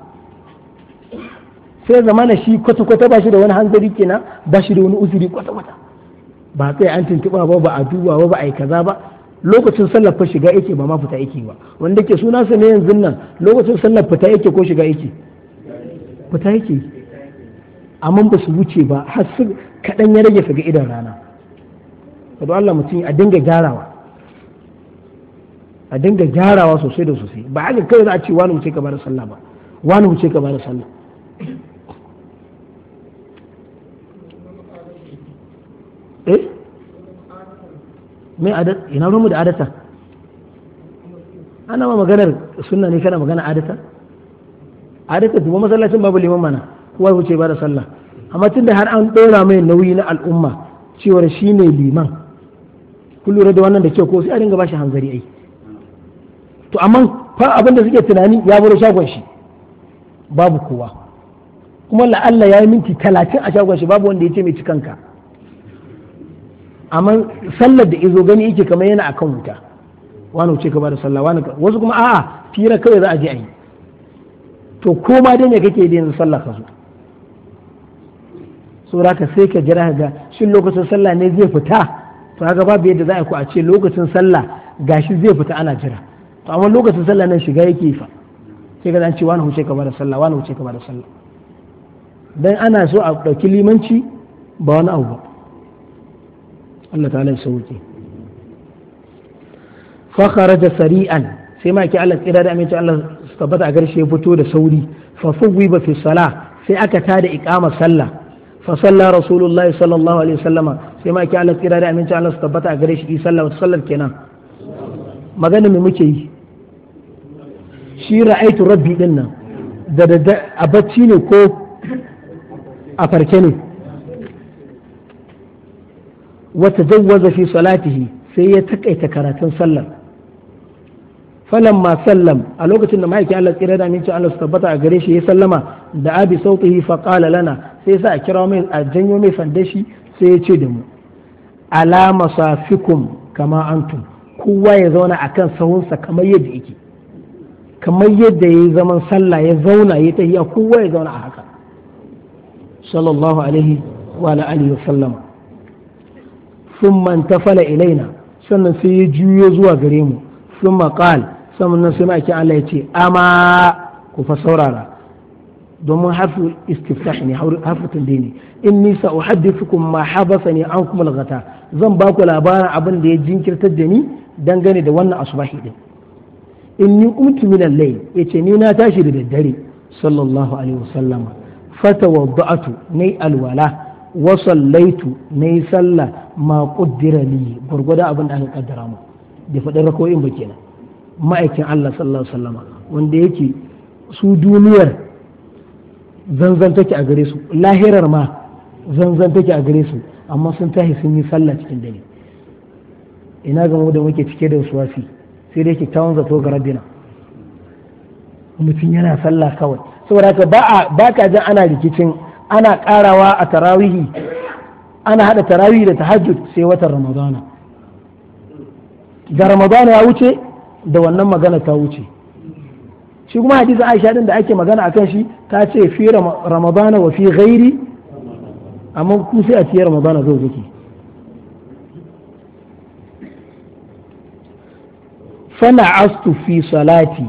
sai zamana shi kwata-kwata ba shi da wani hanzari kenan ba shi da wani uzuri kwata-kwata ba sai an tuntuɓa ba ba a duba ba ba a yi kaza ba lokacin sallar fa shiga yake ba ma fita yake ba wanda ke suna sa ne yanzu nan lokacin sallar fita yake ko shiga yake fita yake amma ba su wuce ba har su kaɗan ya rage su ga idan rana don Allah mutum a dinga gyarawa a dinga gyarawa sosai da sosai ba haka kai za a ce wani wuce ka bar sallah ba wani wuce ka bar sallah eh me ina da adata ana ma maganar sunna ne kana magana adata adata duba masallacin babu liman mana kowa ya wuce ba da sallah amma tunda har an ɗora mai nauyi na al'umma cewar shi ne liman kun lura da wannan da kyau ko sai a dinga bashi hanzari ai to amma fa abin da suke tunani ya baro shagon shi babu kowa kuma la'alla ya yi minti talatin a shagon shi babu wanda ya ce mai cikanka amma sallar da izo gani yake kamar yana akan wuta wani ce ka bada sallah wani wasu kuma a'a fira kawai za a je a yi to ko ma dai ne kake da yanzu sallah ka zo saboda ka sai ka jira ga shin lokacin sallah ne zai fita to haka babu yadda za a ku a ce lokacin sallah gashi zai fita ana jira to amma lokacin sallah nan shiga yake fa sai ka ce wani huce ka bada sallah wani huce ka bada sallah dan ana so a ɗauki limanci ba wani abu ba Allah ta'ala sauke sari'an sai ma Allah tsira da aminci Allah su tabbata a garshe ya fito da sauri fa fuwi fi sala sai aka tada sallah rasulullahi sallallahu alaihi sai ma Allah tsira da aminci Allah su tabbata a garshe yi sallah wata sallar kenan magana me muke yi shi ra'aitu rabbi din nan da a bacci ne ko a farke ne wata zawwaza fi salatihi sai ya takaita karatun sallar falamma sallam a lokacin da ma'aikin Allah tsira da aminci Allah su tabbata a gare shi ya sallama da abi sautihi fa qala lana sai sa a kira mai a janyo mai fandashi sai ya ce da mu ala masafikum kama antum kowa ya zauna akan sahunsa kamar yadda yake kamar yadda ya yi zaman sallah ya zauna ya tahiya kowa ya zauna a haka sallallahu alaihi wa alihi wa sallama sun manta fala ilaina sannan sai ya juyo zuwa gare mu sun maƙal sannan sai ma'aikin Allah ya ce amma ku fa saurara domin harfin istiftah ne harfin tambayi ne in nisa uhaddithukum ma ne an kuma ghata zan ba ku labarin abin da ya jinkirtar da ni dangane da wannan asubahi din in ni umtu min al-layl yace ni na tashi da daddare sallallahu alaihi wasallama fatawadda'tu nay alwala wasallaitu na yi sallah ma qaddara li gwargwada abin da aka kaddara mu da faɗin rakoyin ba kenan ma'aikin Allah sallallahu alaihi wanda yake su duniyar zanzan take a gare su lahirar ma zanzan take a gare su amma sun tashi sun yi sallah cikin dare ina ga wanda muke cike da wasuwasi sai dai tawon zato ga rabbina mutum yana sallah kawai saboda haka ba ka jan ana rikicin ana karawa a tarawihi ana hada tarawihi da tahajjud sai watan ramadana da ramadana ya wuce da wannan magana ta wuce shi kuma hadisin Aisha din da ake magana akan shi ta ce fi ramadana wa fi ghairi amma ku sai a ce ramadana zo zuki fana astu fi salati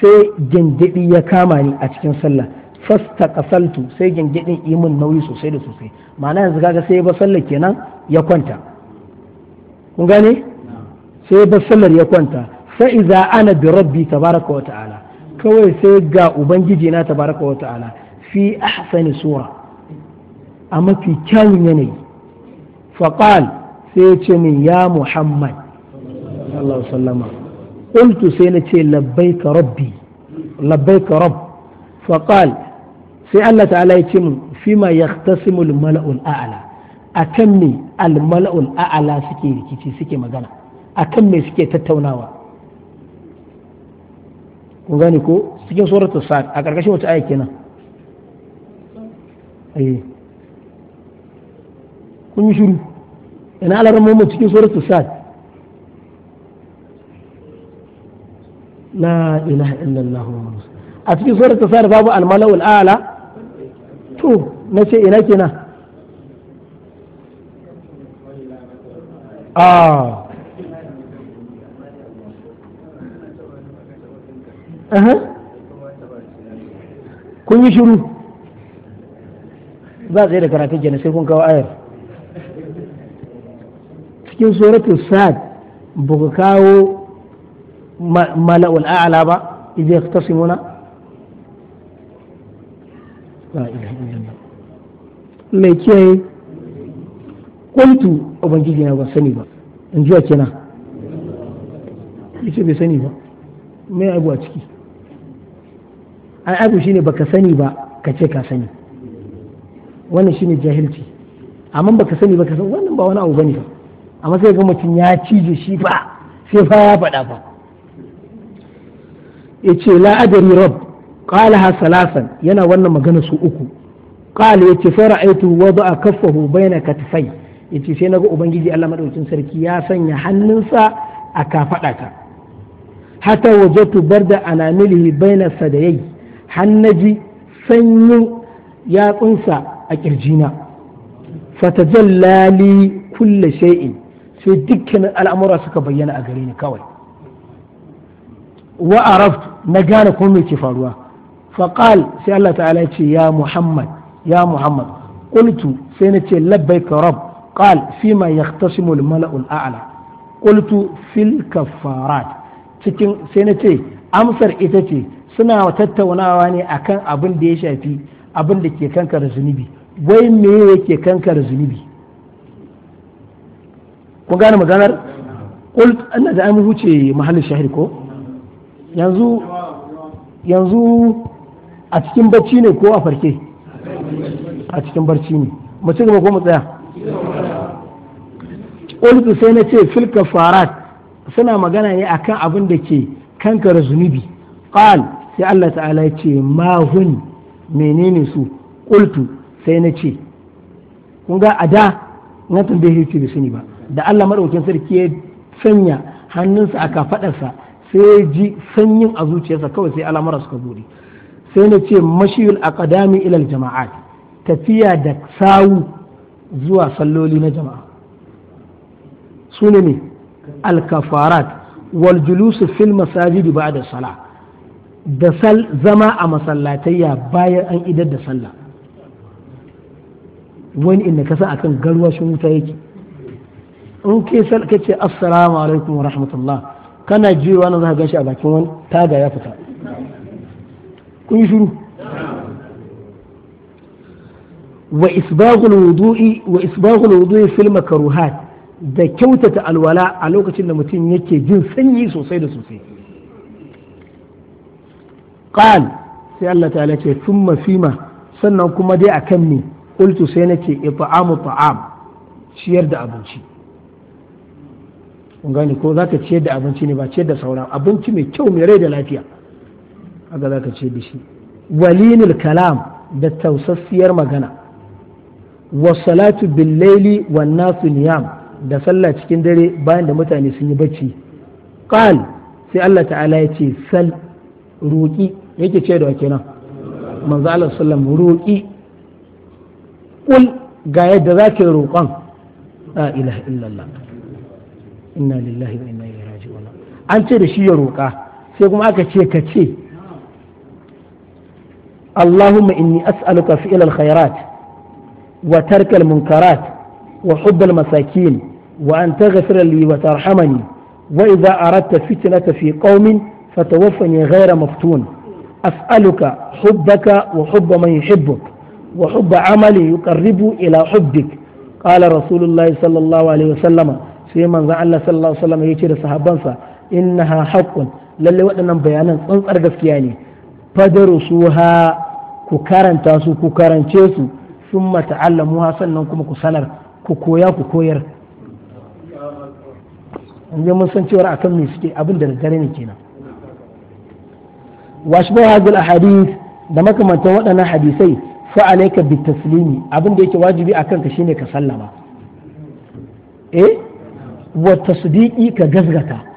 sai gindidi ya kama ni a cikin sallah fasta kasaltu sai gingidin imin nauyi sosai da sosai ma'ana yanzu kaga sai ba sallar kenan ya kwanta kun gane sai ba sallar ya kwanta sai iza ana bi rabbi tabaraka wa ta'ala kawai sai ga ubangiji na tabaraka wa ta'ala fi ahsani sura a mafi kyawun yanayi faqal sai ya ce min ya muhammad sallallahu alaihi qultu sai na ce labbaika rabbi labbaika rabb faqal sai Allah ta'ala ya ce mu fima yahtasimul mala'ul a kan me al mala'ul a'la suke rikici suke magana a kan me suke tattaunawa kun gani ko cikin suratul sa'ad a karkashin wata aya kenan ayi eh. kun yi shiru ina ran mu cikin suratul sa'ad la ilaha illallah a cikin suratul sa'ad babu al mala'ul a'la to na ce ina kenan a ah. kun yi shiru za tsaye da karatun kenan sai kun kawo ayar cikin suratul sad ba kawo mala'ul a'ala ba idan ya tasimuna mai kiyaye kuntu ubangiji na ba sani ba in jiya bai sani ba abu a ciki ai abu shine baka sani ba ka ce ka sani wannan shine jahilci amma baka sani baka san wannan ba wani abu bane ba amma sai ga mutum ya cije shi fa sai fa ya faɗa fa yace la adari rabb qalaha salasan yana wannan magana su uku qala yace fa ra'aytu wada'a kaffahu baina katifai ya yace sai naga ubangiji Allah madaukakin sarki ya sanya hannunsa a kafadata hatta wajatu barda anamilihi baina hanna ji sanyin yatsunsa a ƙirji na, fatajallali kulle shay'in sai dukkanin al'amura suka bayyana a gare ni kawai wa araftu na gane ko me ke faruwa فقال سي الله تعالى يا محمد يا محمد قلت سينتي لبيك رب قال فيما يختصم الملأ الأعلى قلت في الكفارات cikin sai na ce amsar ita ce suna tattaunawa ne a kan abin da ya shafi abin da ke kankar zunubi wai me yake kankar zunubi kun gane maganar kul ina da an huce mahallin shahir ko yanzu yanzu a cikin barci ne ko a farke a cikin barci ne mu ci gaba ko mu tsaya qultu sai na ce filka farat suna magana ne akan abin da ke kankara zunubi qal sai Allah ta'ala ya ce ma hun menene su qultu sai na ce kun ga a da na tambaye shi da sani ba da Allah madaukakin sarki ya sanya hannunsa a kafadarsa sai ji sanyin a zuciyarsa kawai sai al'amura suka buɗe sai na ce mashiyul aqdami ila jama'at tafiya da sawu zuwa salloli na jama'a su ne ne alkafarat wal julusu fil masajid ba'da salah da zama a masallatayya bayan an idar da sallah wani inda kasa akan shi wuta yake in ke ka ce assalamu alaikum wa rahmatullah kana jiwa na za shi gashi a bakin wani taga ya fita kun shiru wa isbaghul wudu'i wa isbaghul wudu'i fil makruhat da kyautata alwala a lokacin da mutum yake jin sanyi sosai da sosai qal sai Allah ta'ala ce thumma fima sannan kuma dai akan ni qultu sai nake it'amu ta'am ciyar da abinci kun gane ko zaka ciyar da abinci ne ba ciyar da sauran abinci mai kyau mai rai da lafiya haka za ka ce da shi walinul kalam da tausassiyar magana wasalatu billaili wan nasu niyam da sallah cikin dare bayan da mutane sun yi bacci qal sai Allah ta'ala ya ce sal roƙi yake ce da kenan manzo Allah sallam roƙi kul ga yadda zake ka roƙon la ilaha illallah inna lillahi wa inna ilaihi raji'un an ce da shi ya roƙa sai kuma aka ce ka ce اللهم إني أسألك فعل الخيرات وترك المنكرات وحب المساكين وأن تغفر لي وترحمني وإذا أردت فتنة في قوم فتوفني غير مفتون أسألك حبك وحب من يحبك وحب عمل يقرب إلى حبك قال رسول الله صلى الله عليه وسلم سيما زعل الله صلى الله عليه وسلم يشير صحابانسا إنها حق للي وقتنا بيانا تنصر قفكياني ha ku karanta su ku karance su sun summa ha sannan kuma ku sanar ku koya ku koyar in mun san cewar akan me suke abin da dare ne kenan washbah a hadis da makamantan waɗannan hadisai fa alayka taslimi abin da yake wajibi akan ka shine ka sallama eh wa tasdiqi ka gazgata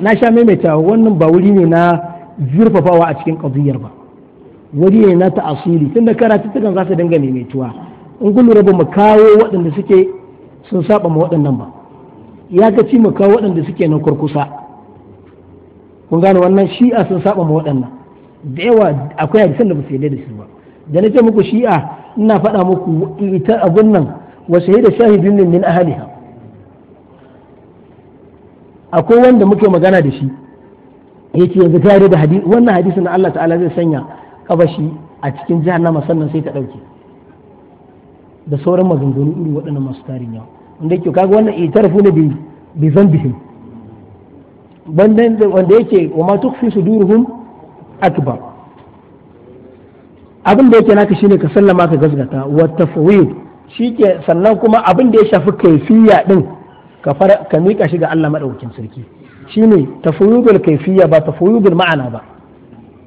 na sha maimaita wannan ba wuri ne na zurfafawa a cikin ƙazuyyar ba wuri ne na ta'asili tunda tattakan za su dinga maimaituwa in kun lura ba mu kawo waɗanda suke sun saba ma waɗannan ba ya ga ci mu kawo waɗanda suke nan kurkusa kun gane wannan shi'a sun saba ma waɗannan da yawa akwai hadisan da ba su da su ba da na ce muku shi'a ina faɗa muku ita abun nan wa shahida shahidin min ahliha akwai wanda muke magana da shi ce yanzu gare da hadisi wannan na Allah ta'ala zai sanya kabashi a cikin jahannama sannan sai ta dauke da sauran maganganu iri waɗannan masu tarin yawa wanda yake kaga wannan itarafu ne bi bi zambihim bandan wanda yake wa ma tukfi sudurhum akbar abin da yake naka shine ka sallama ka gazgata wa tafwid shike sannan kuma abin da ya shafi kaifiya din ka miƙa shi ga Allah maɗaukin sarki shine tafuyudul kaifiyya ba tafuyudul ma'ana ba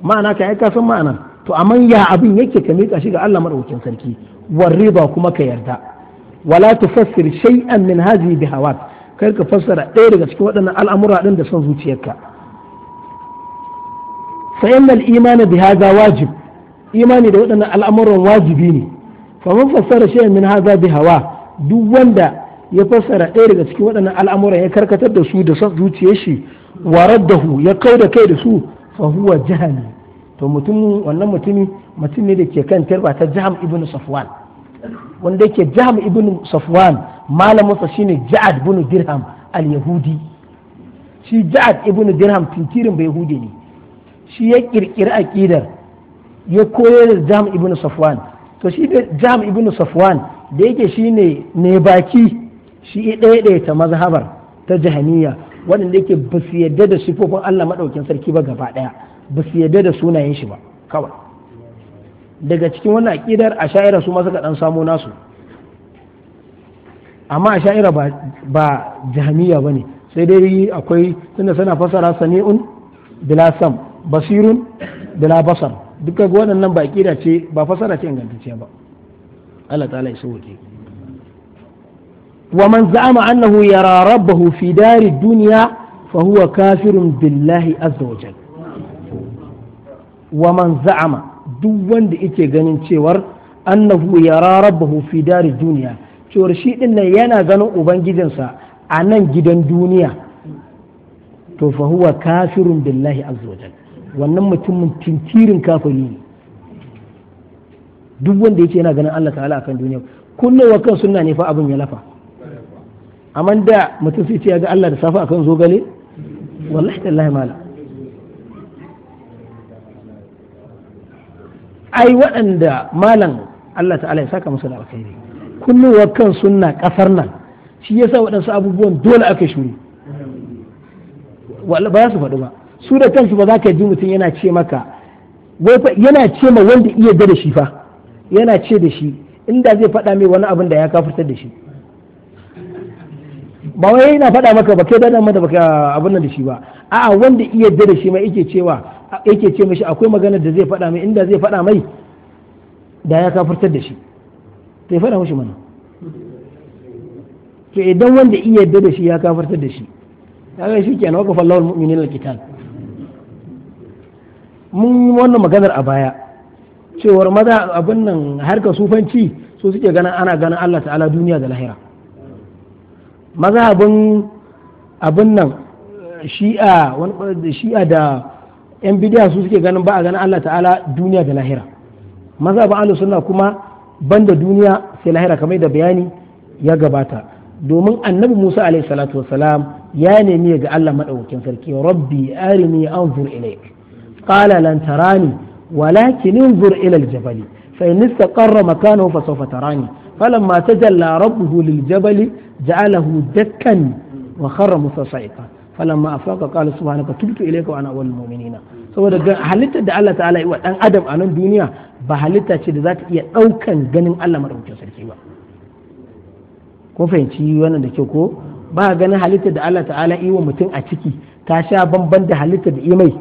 ma'ana ka aika san ma'ana to amma ya abin yake ka miƙa shi ga Allah maɗaukin sarki warriba kuma ka yarda wala tufassir shay'an min hadhihi bihawat kai ka fassara ɗaya daga cikin waɗannan al'amura ɗin da son zuciyarka fa innal bi hadha wajib imani da waɗannan al'amuran wajibi ne fa man fassara shay'an min hadha bihawa duk wanda ya fassara ɗaya daga cikin waɗannan al'amuran ya karkatar da su da son zuciya shi warar da hu ya kai da kai da su fa huwa jahali to mutum wannan mutumi mutum ne da ke kan tarba ta jaham ibn safwan wanda yake jaham ibn safwan sa shine ja'ad ibn dirham al-yahudi shi ja'ad ibn dirham tintirin bai yahudi ne shi ya kirkiri aqidar ya koyar da jaham ibn safwan to shi da jaham ibn safwan da yake shine ne baki shi ɗaya ɗaya ta mazhabar ta jahaniya waɗanda yake ba su yadda da sifofin Allah maɗaukin sarki ba gaba ɗaya ba su yadda da sunayen shi ba kawai daga cikin wannan aƙidar a sha'ira su masu ɗan samo nasu amma a sha'ira ba jahaniya ba ne sai dai akwai tunda suna fasara Sani'un bila sam basirun bila basar duka waɗannan ba aƙida ce ba fasara ce ingantacciya ba Allah ta'ala ya sauke ومن زعم أنه يرى ربه في دار الدنيا فهو كافر بالله عز وجل ومن زعم دون دئتي غنين تشور أنه يرى ربه في دار الدنيا cewar shi din yana ganin ubangijinsa a nan gidan duniya to fa huwa kafirun billahi azwajal wannan mutumin tintirin kafiri ne duk wanda yake yana ganin Allah ta'ala akan duniya kullum wa suna ne fa abin ya lafa amma da mutum sai ce ya ga Allah da safa akan zogale wallahi tallahi mala ai waɗanda malam Allah ta'ala ya saka musu da alkhairi wa kan sunna kasar nan shi yasa waɗansu abubuwan dole aka shuri ba su faɗi ba su da kansu ba za ka ji mutum yana ce maka yana ce ma wanda iya da shi fa yana ce da shi inda zai faɗa mai wani abin da ya kafirtar da shi ba wai yana faɗa maka ba kai da da baka abin nan da shi ba a'a wanda iya da shi mai yake cewa yake ce mishi akwai magana da zai faɗa mai inda zai faɗa mai da ya kafurtar da shi to ya faɗa mishi mana to idan wanda iya yadda da shi ya kafurtar da shi kaga shi kenan waka fallahu almu'minin alkitab mun wannan maganar a baya cewar maza abin nan harkar sufanci so suke ganin ana ganin Allah ta'ala duniya da lahira mazhabin abin nan shi'a shi'a da yan bidiya su suke ganin ba a ganin Allah ta'ala duniya da lahira mazhabin ahlus sunna kuma banda duniya sai lahira kamar da bayani ya gabata domin annabi Musa alaihi salatu nemi ya nemi ga Allah madaukakin sarki rabbi arini anzur ilayk qala lan tarani walakin anzur ila al-jabali fa in istaqarra makanahu fa sawfa tarani فلما تجلى ربه للجبل جعله دكا وخر موسى صعقا فلما أفاق قال سبحانك تبت إليك وأنا أول المؤمنين saboda ga halittar da Allah ta'ala yi wa dan adam a nan duniya ba halitta ce da za ta iya ɗaukan ganin Allah maɗaukakin sarki ba ko fahimci wannan da ke ko ba ganin halittar da Allah ta'ala yi wa mutum a ciki ta sha bamban da halittar da imai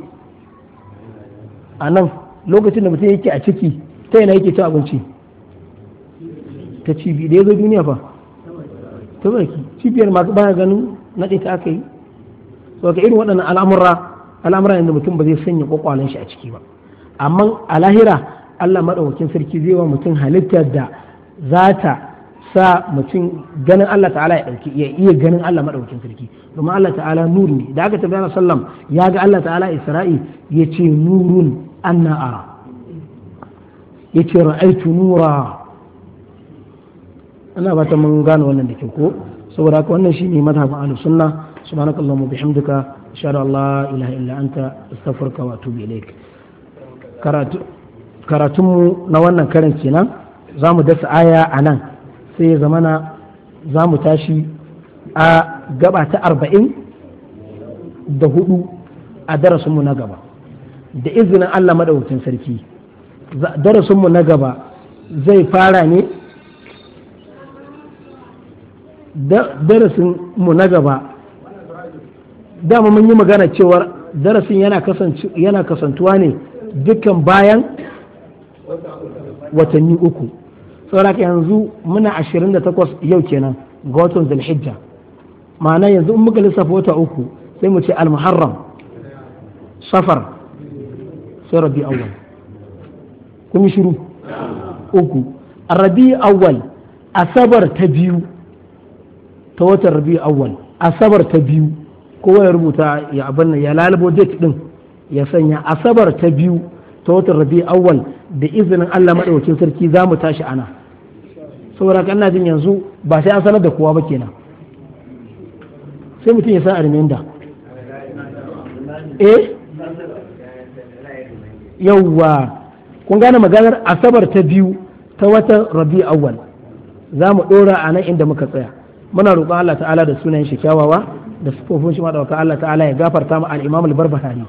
a nan lokacin da mutum yake a ciki ta yana yake cin abinci ta cibi da ya zo duniya fa ta baki cibiyar masu baya ganin naɗe ta aka yi so ka irin waɗannan al'amura al'amura yanzu mutum ba zai sanya kwakwalen shi a ciki ba amma a lahira Allah maɗaukakin sarki zai wa mutum halittar da za ta sa mutum ganin Allah ta'ala ya ɗauki ya iya ganin Allah maɗaukakin sarki domin Allah ta'ala nur ne da aka tabbata sallam ya ga Allah ta'ala Isra'i ya ce nurun anna'a ya ce ra'aitu nura ana fata mun gane wannan da ke ko saboda haka wannan shine mazhabin ahlus sunna subhanakallahumma bihamdika ashhadu an la ilaha illa anta astaghfiruka wa atubu ilaik karatu karatunmu na wannan karin kenan za dasa aya a nan sai ya zamana za tashi a gaba ta arba'in da hudu a darasinmu na gaba da izinin allah maɗaukacin sarki darasinmu na gaba zai fara ne darasin mu na gaba dama mun yi magana cewar darasin yana kasantuwa ne dukkan bayan watanni uku saboda yanzu muna 28 yau kenan ga watan zulhijja ma'ana yanzu in muka lissafa wata uku sai mu ce al-muharram safar sai rabi awwal kun shiru uku rabi awwal asabar ta biyu ta watan rabi awwal asabar ta biyu kowa ya rubuta ya abin ya lalabo date din ya sanya asabar ta biyu ta watan rabi awwal da izinin Allah madaukakin sarki za mu tashi ana saboda kan jin yanzu ba sai an sanar da kowa ba kenan sai mutum ya san a eh yawwa kun gane maganar asabar ta biyu ta watan rabi awwal za mu ɗora a nan inda muka tsaya muna roƙon Allah ta'ala da sunayen shi kyawawa da sufofin shi maɗauka Allah ta'ala ya gafarta mu al-Imam barbahari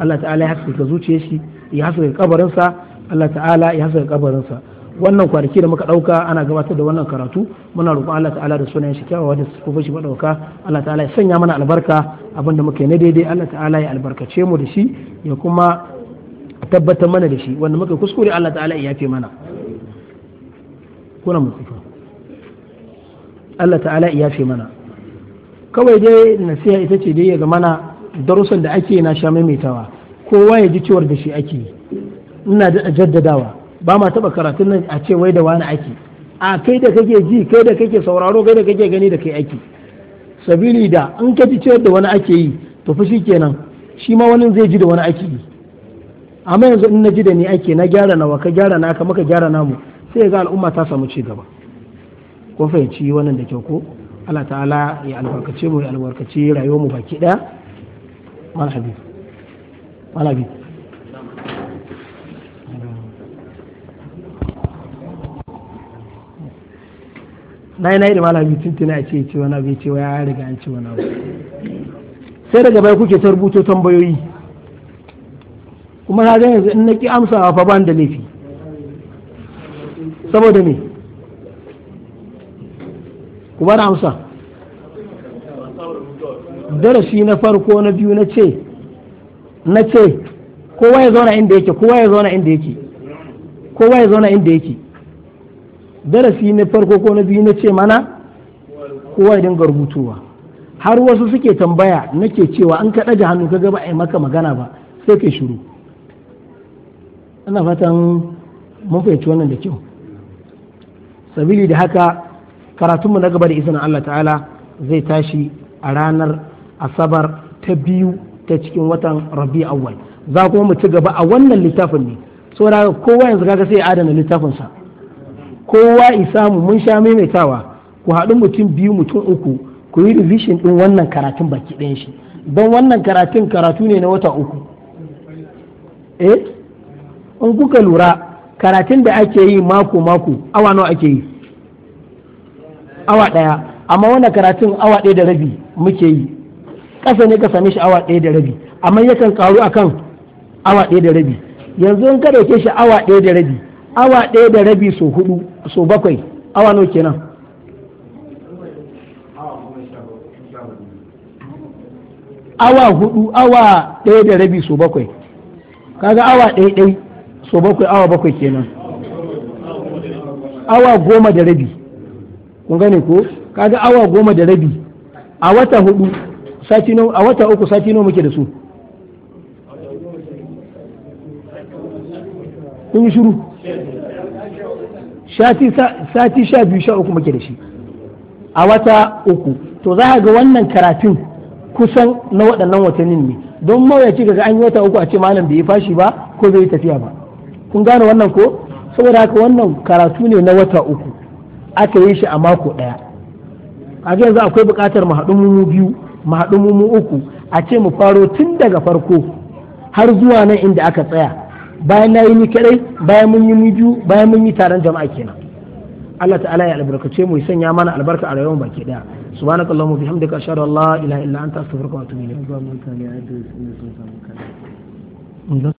Allah ta'ala ya ka zuciyar shi ya haske kabarin sa Allah ta'ala ya haske kabarin sa wannan kwanaki da muka ɗauka ana gabatar da wannan karatu muna roƙon Allah ta'ala da sunayen shi kyawawa da sufofin shi maɗauka Allah ta'ala ya sanya mana albarka abinda muke na daidai Allah ta'ala ya albarkace mu da shi ya kuma tabbatar mana da shi wanda muka kuskure Allah ta'ala ya yafe mana kuna mutsifa Allah ta'ala ya fi mana kawai dai nasiha ita ce dai ya ga mana darussan da ake na sha maimaitawa kowa ya ji ciwar da shi ake ina da jaddadawa ba ma taba karatun nan a ce wai da wani ake a kai da kake ji kai da kake sauraro kai da kake gani da kai ake sabili da in ka ji cewar da wani ake yi to fa kenan shi ma wani zai ji da wani ake yi amma yanzu in na ji da ni ake na gyara nawa ka gyara na ka maka gyara namu sai ga al'umma ta samu ci gaba ko fahimci wannan da kyau ko Allah ta'ala ya albarkace mu ya albarkace rayuwar mu baki daya marhabi marhabi nayi nayi na yi na yi da malami tuntuna a ce ce wani abu ce ya riga an ce wani abu sai daga bai kuke ta rubuto tambayoyi kuma na ga yanzu in naki ki amsawa fa ban da laifi saboda me ku bar amsa darasi na farko na biyu na ce na ce kowa ya zauna inda yake kowa ya zauna inda yake kowa ya zauna inda yake darasi na farko ko na biyu na ce mana kowa ya dinga rubutuwa har wasu suke tambaya nake cewa an ka ɗaga hannu ka gaba a yi maka magana ba sai kai shiru ana fatan mun fahimci wannan da kyau sabili da haka karatunmu na gaba da izinin Allah ta'ala zai tashi a ranar asabar ta biyu ta cikin watan rabi awwal za kuma mu ci gaba a wannan littafin ne saboda kowa yanzu kaga sai adana littafinsa kowa isa mu mun sha maimaitawa ku haɗu mutum biyu mutum uku ku yi revision ɗin wannan karatun baki ɗayan shi don wannan karatun karatu ne na wata uku eh in kuka lura karatun da ake yi mako mako awa nawa ake yi awa ɗaya amma wannan karatun awa ɗaya da rabi muke yi ƙasa ne ka same shi awa ɗaya da rabi amma yakan karu kan awa ɗaya da rabi yanzu in kada ke shi awa ɗaya da rabi awa ɗaya da rabi so hudu so bakwai awa nawa kenan awa hudu awa ɗaya da rabi so bakwai kaga awa ɗaya ɗaya so bakwai awa bakwai kenan awa goma da rabi kun gane ko kaga awa goma da rabi a wata hudu sati a wata uku sati nawa muke da su kun yi shiru sati sha biyu sha uku muke da shi a wata uku to za ga wannan karatun kusan na waɗannan watannin ne don mawuyaci ga an yi wata uku a ce malam bai yi fashi ba ko bai yi tafiya ba kun gane wannan ko saboda haka wannan karatu ne na wata uku aka yi shi a mako ɗaya a yanzu akwai buƙatar mu haɗu mu biyu mu haɗu mu uku a ce mu faro tun daga farko har zuwa nan inda aka tsaya bayan na yi ni kadai bayan mun yi ni biyu bayan mun yi taron jama'a kenan Allah ta'ala ya albarkace mu sanya mana albarka a rayuwar baki daya subhanakallahumma bihamdika ashhadu an la ilaha illa anta astaghfiruka wa atubu ilayk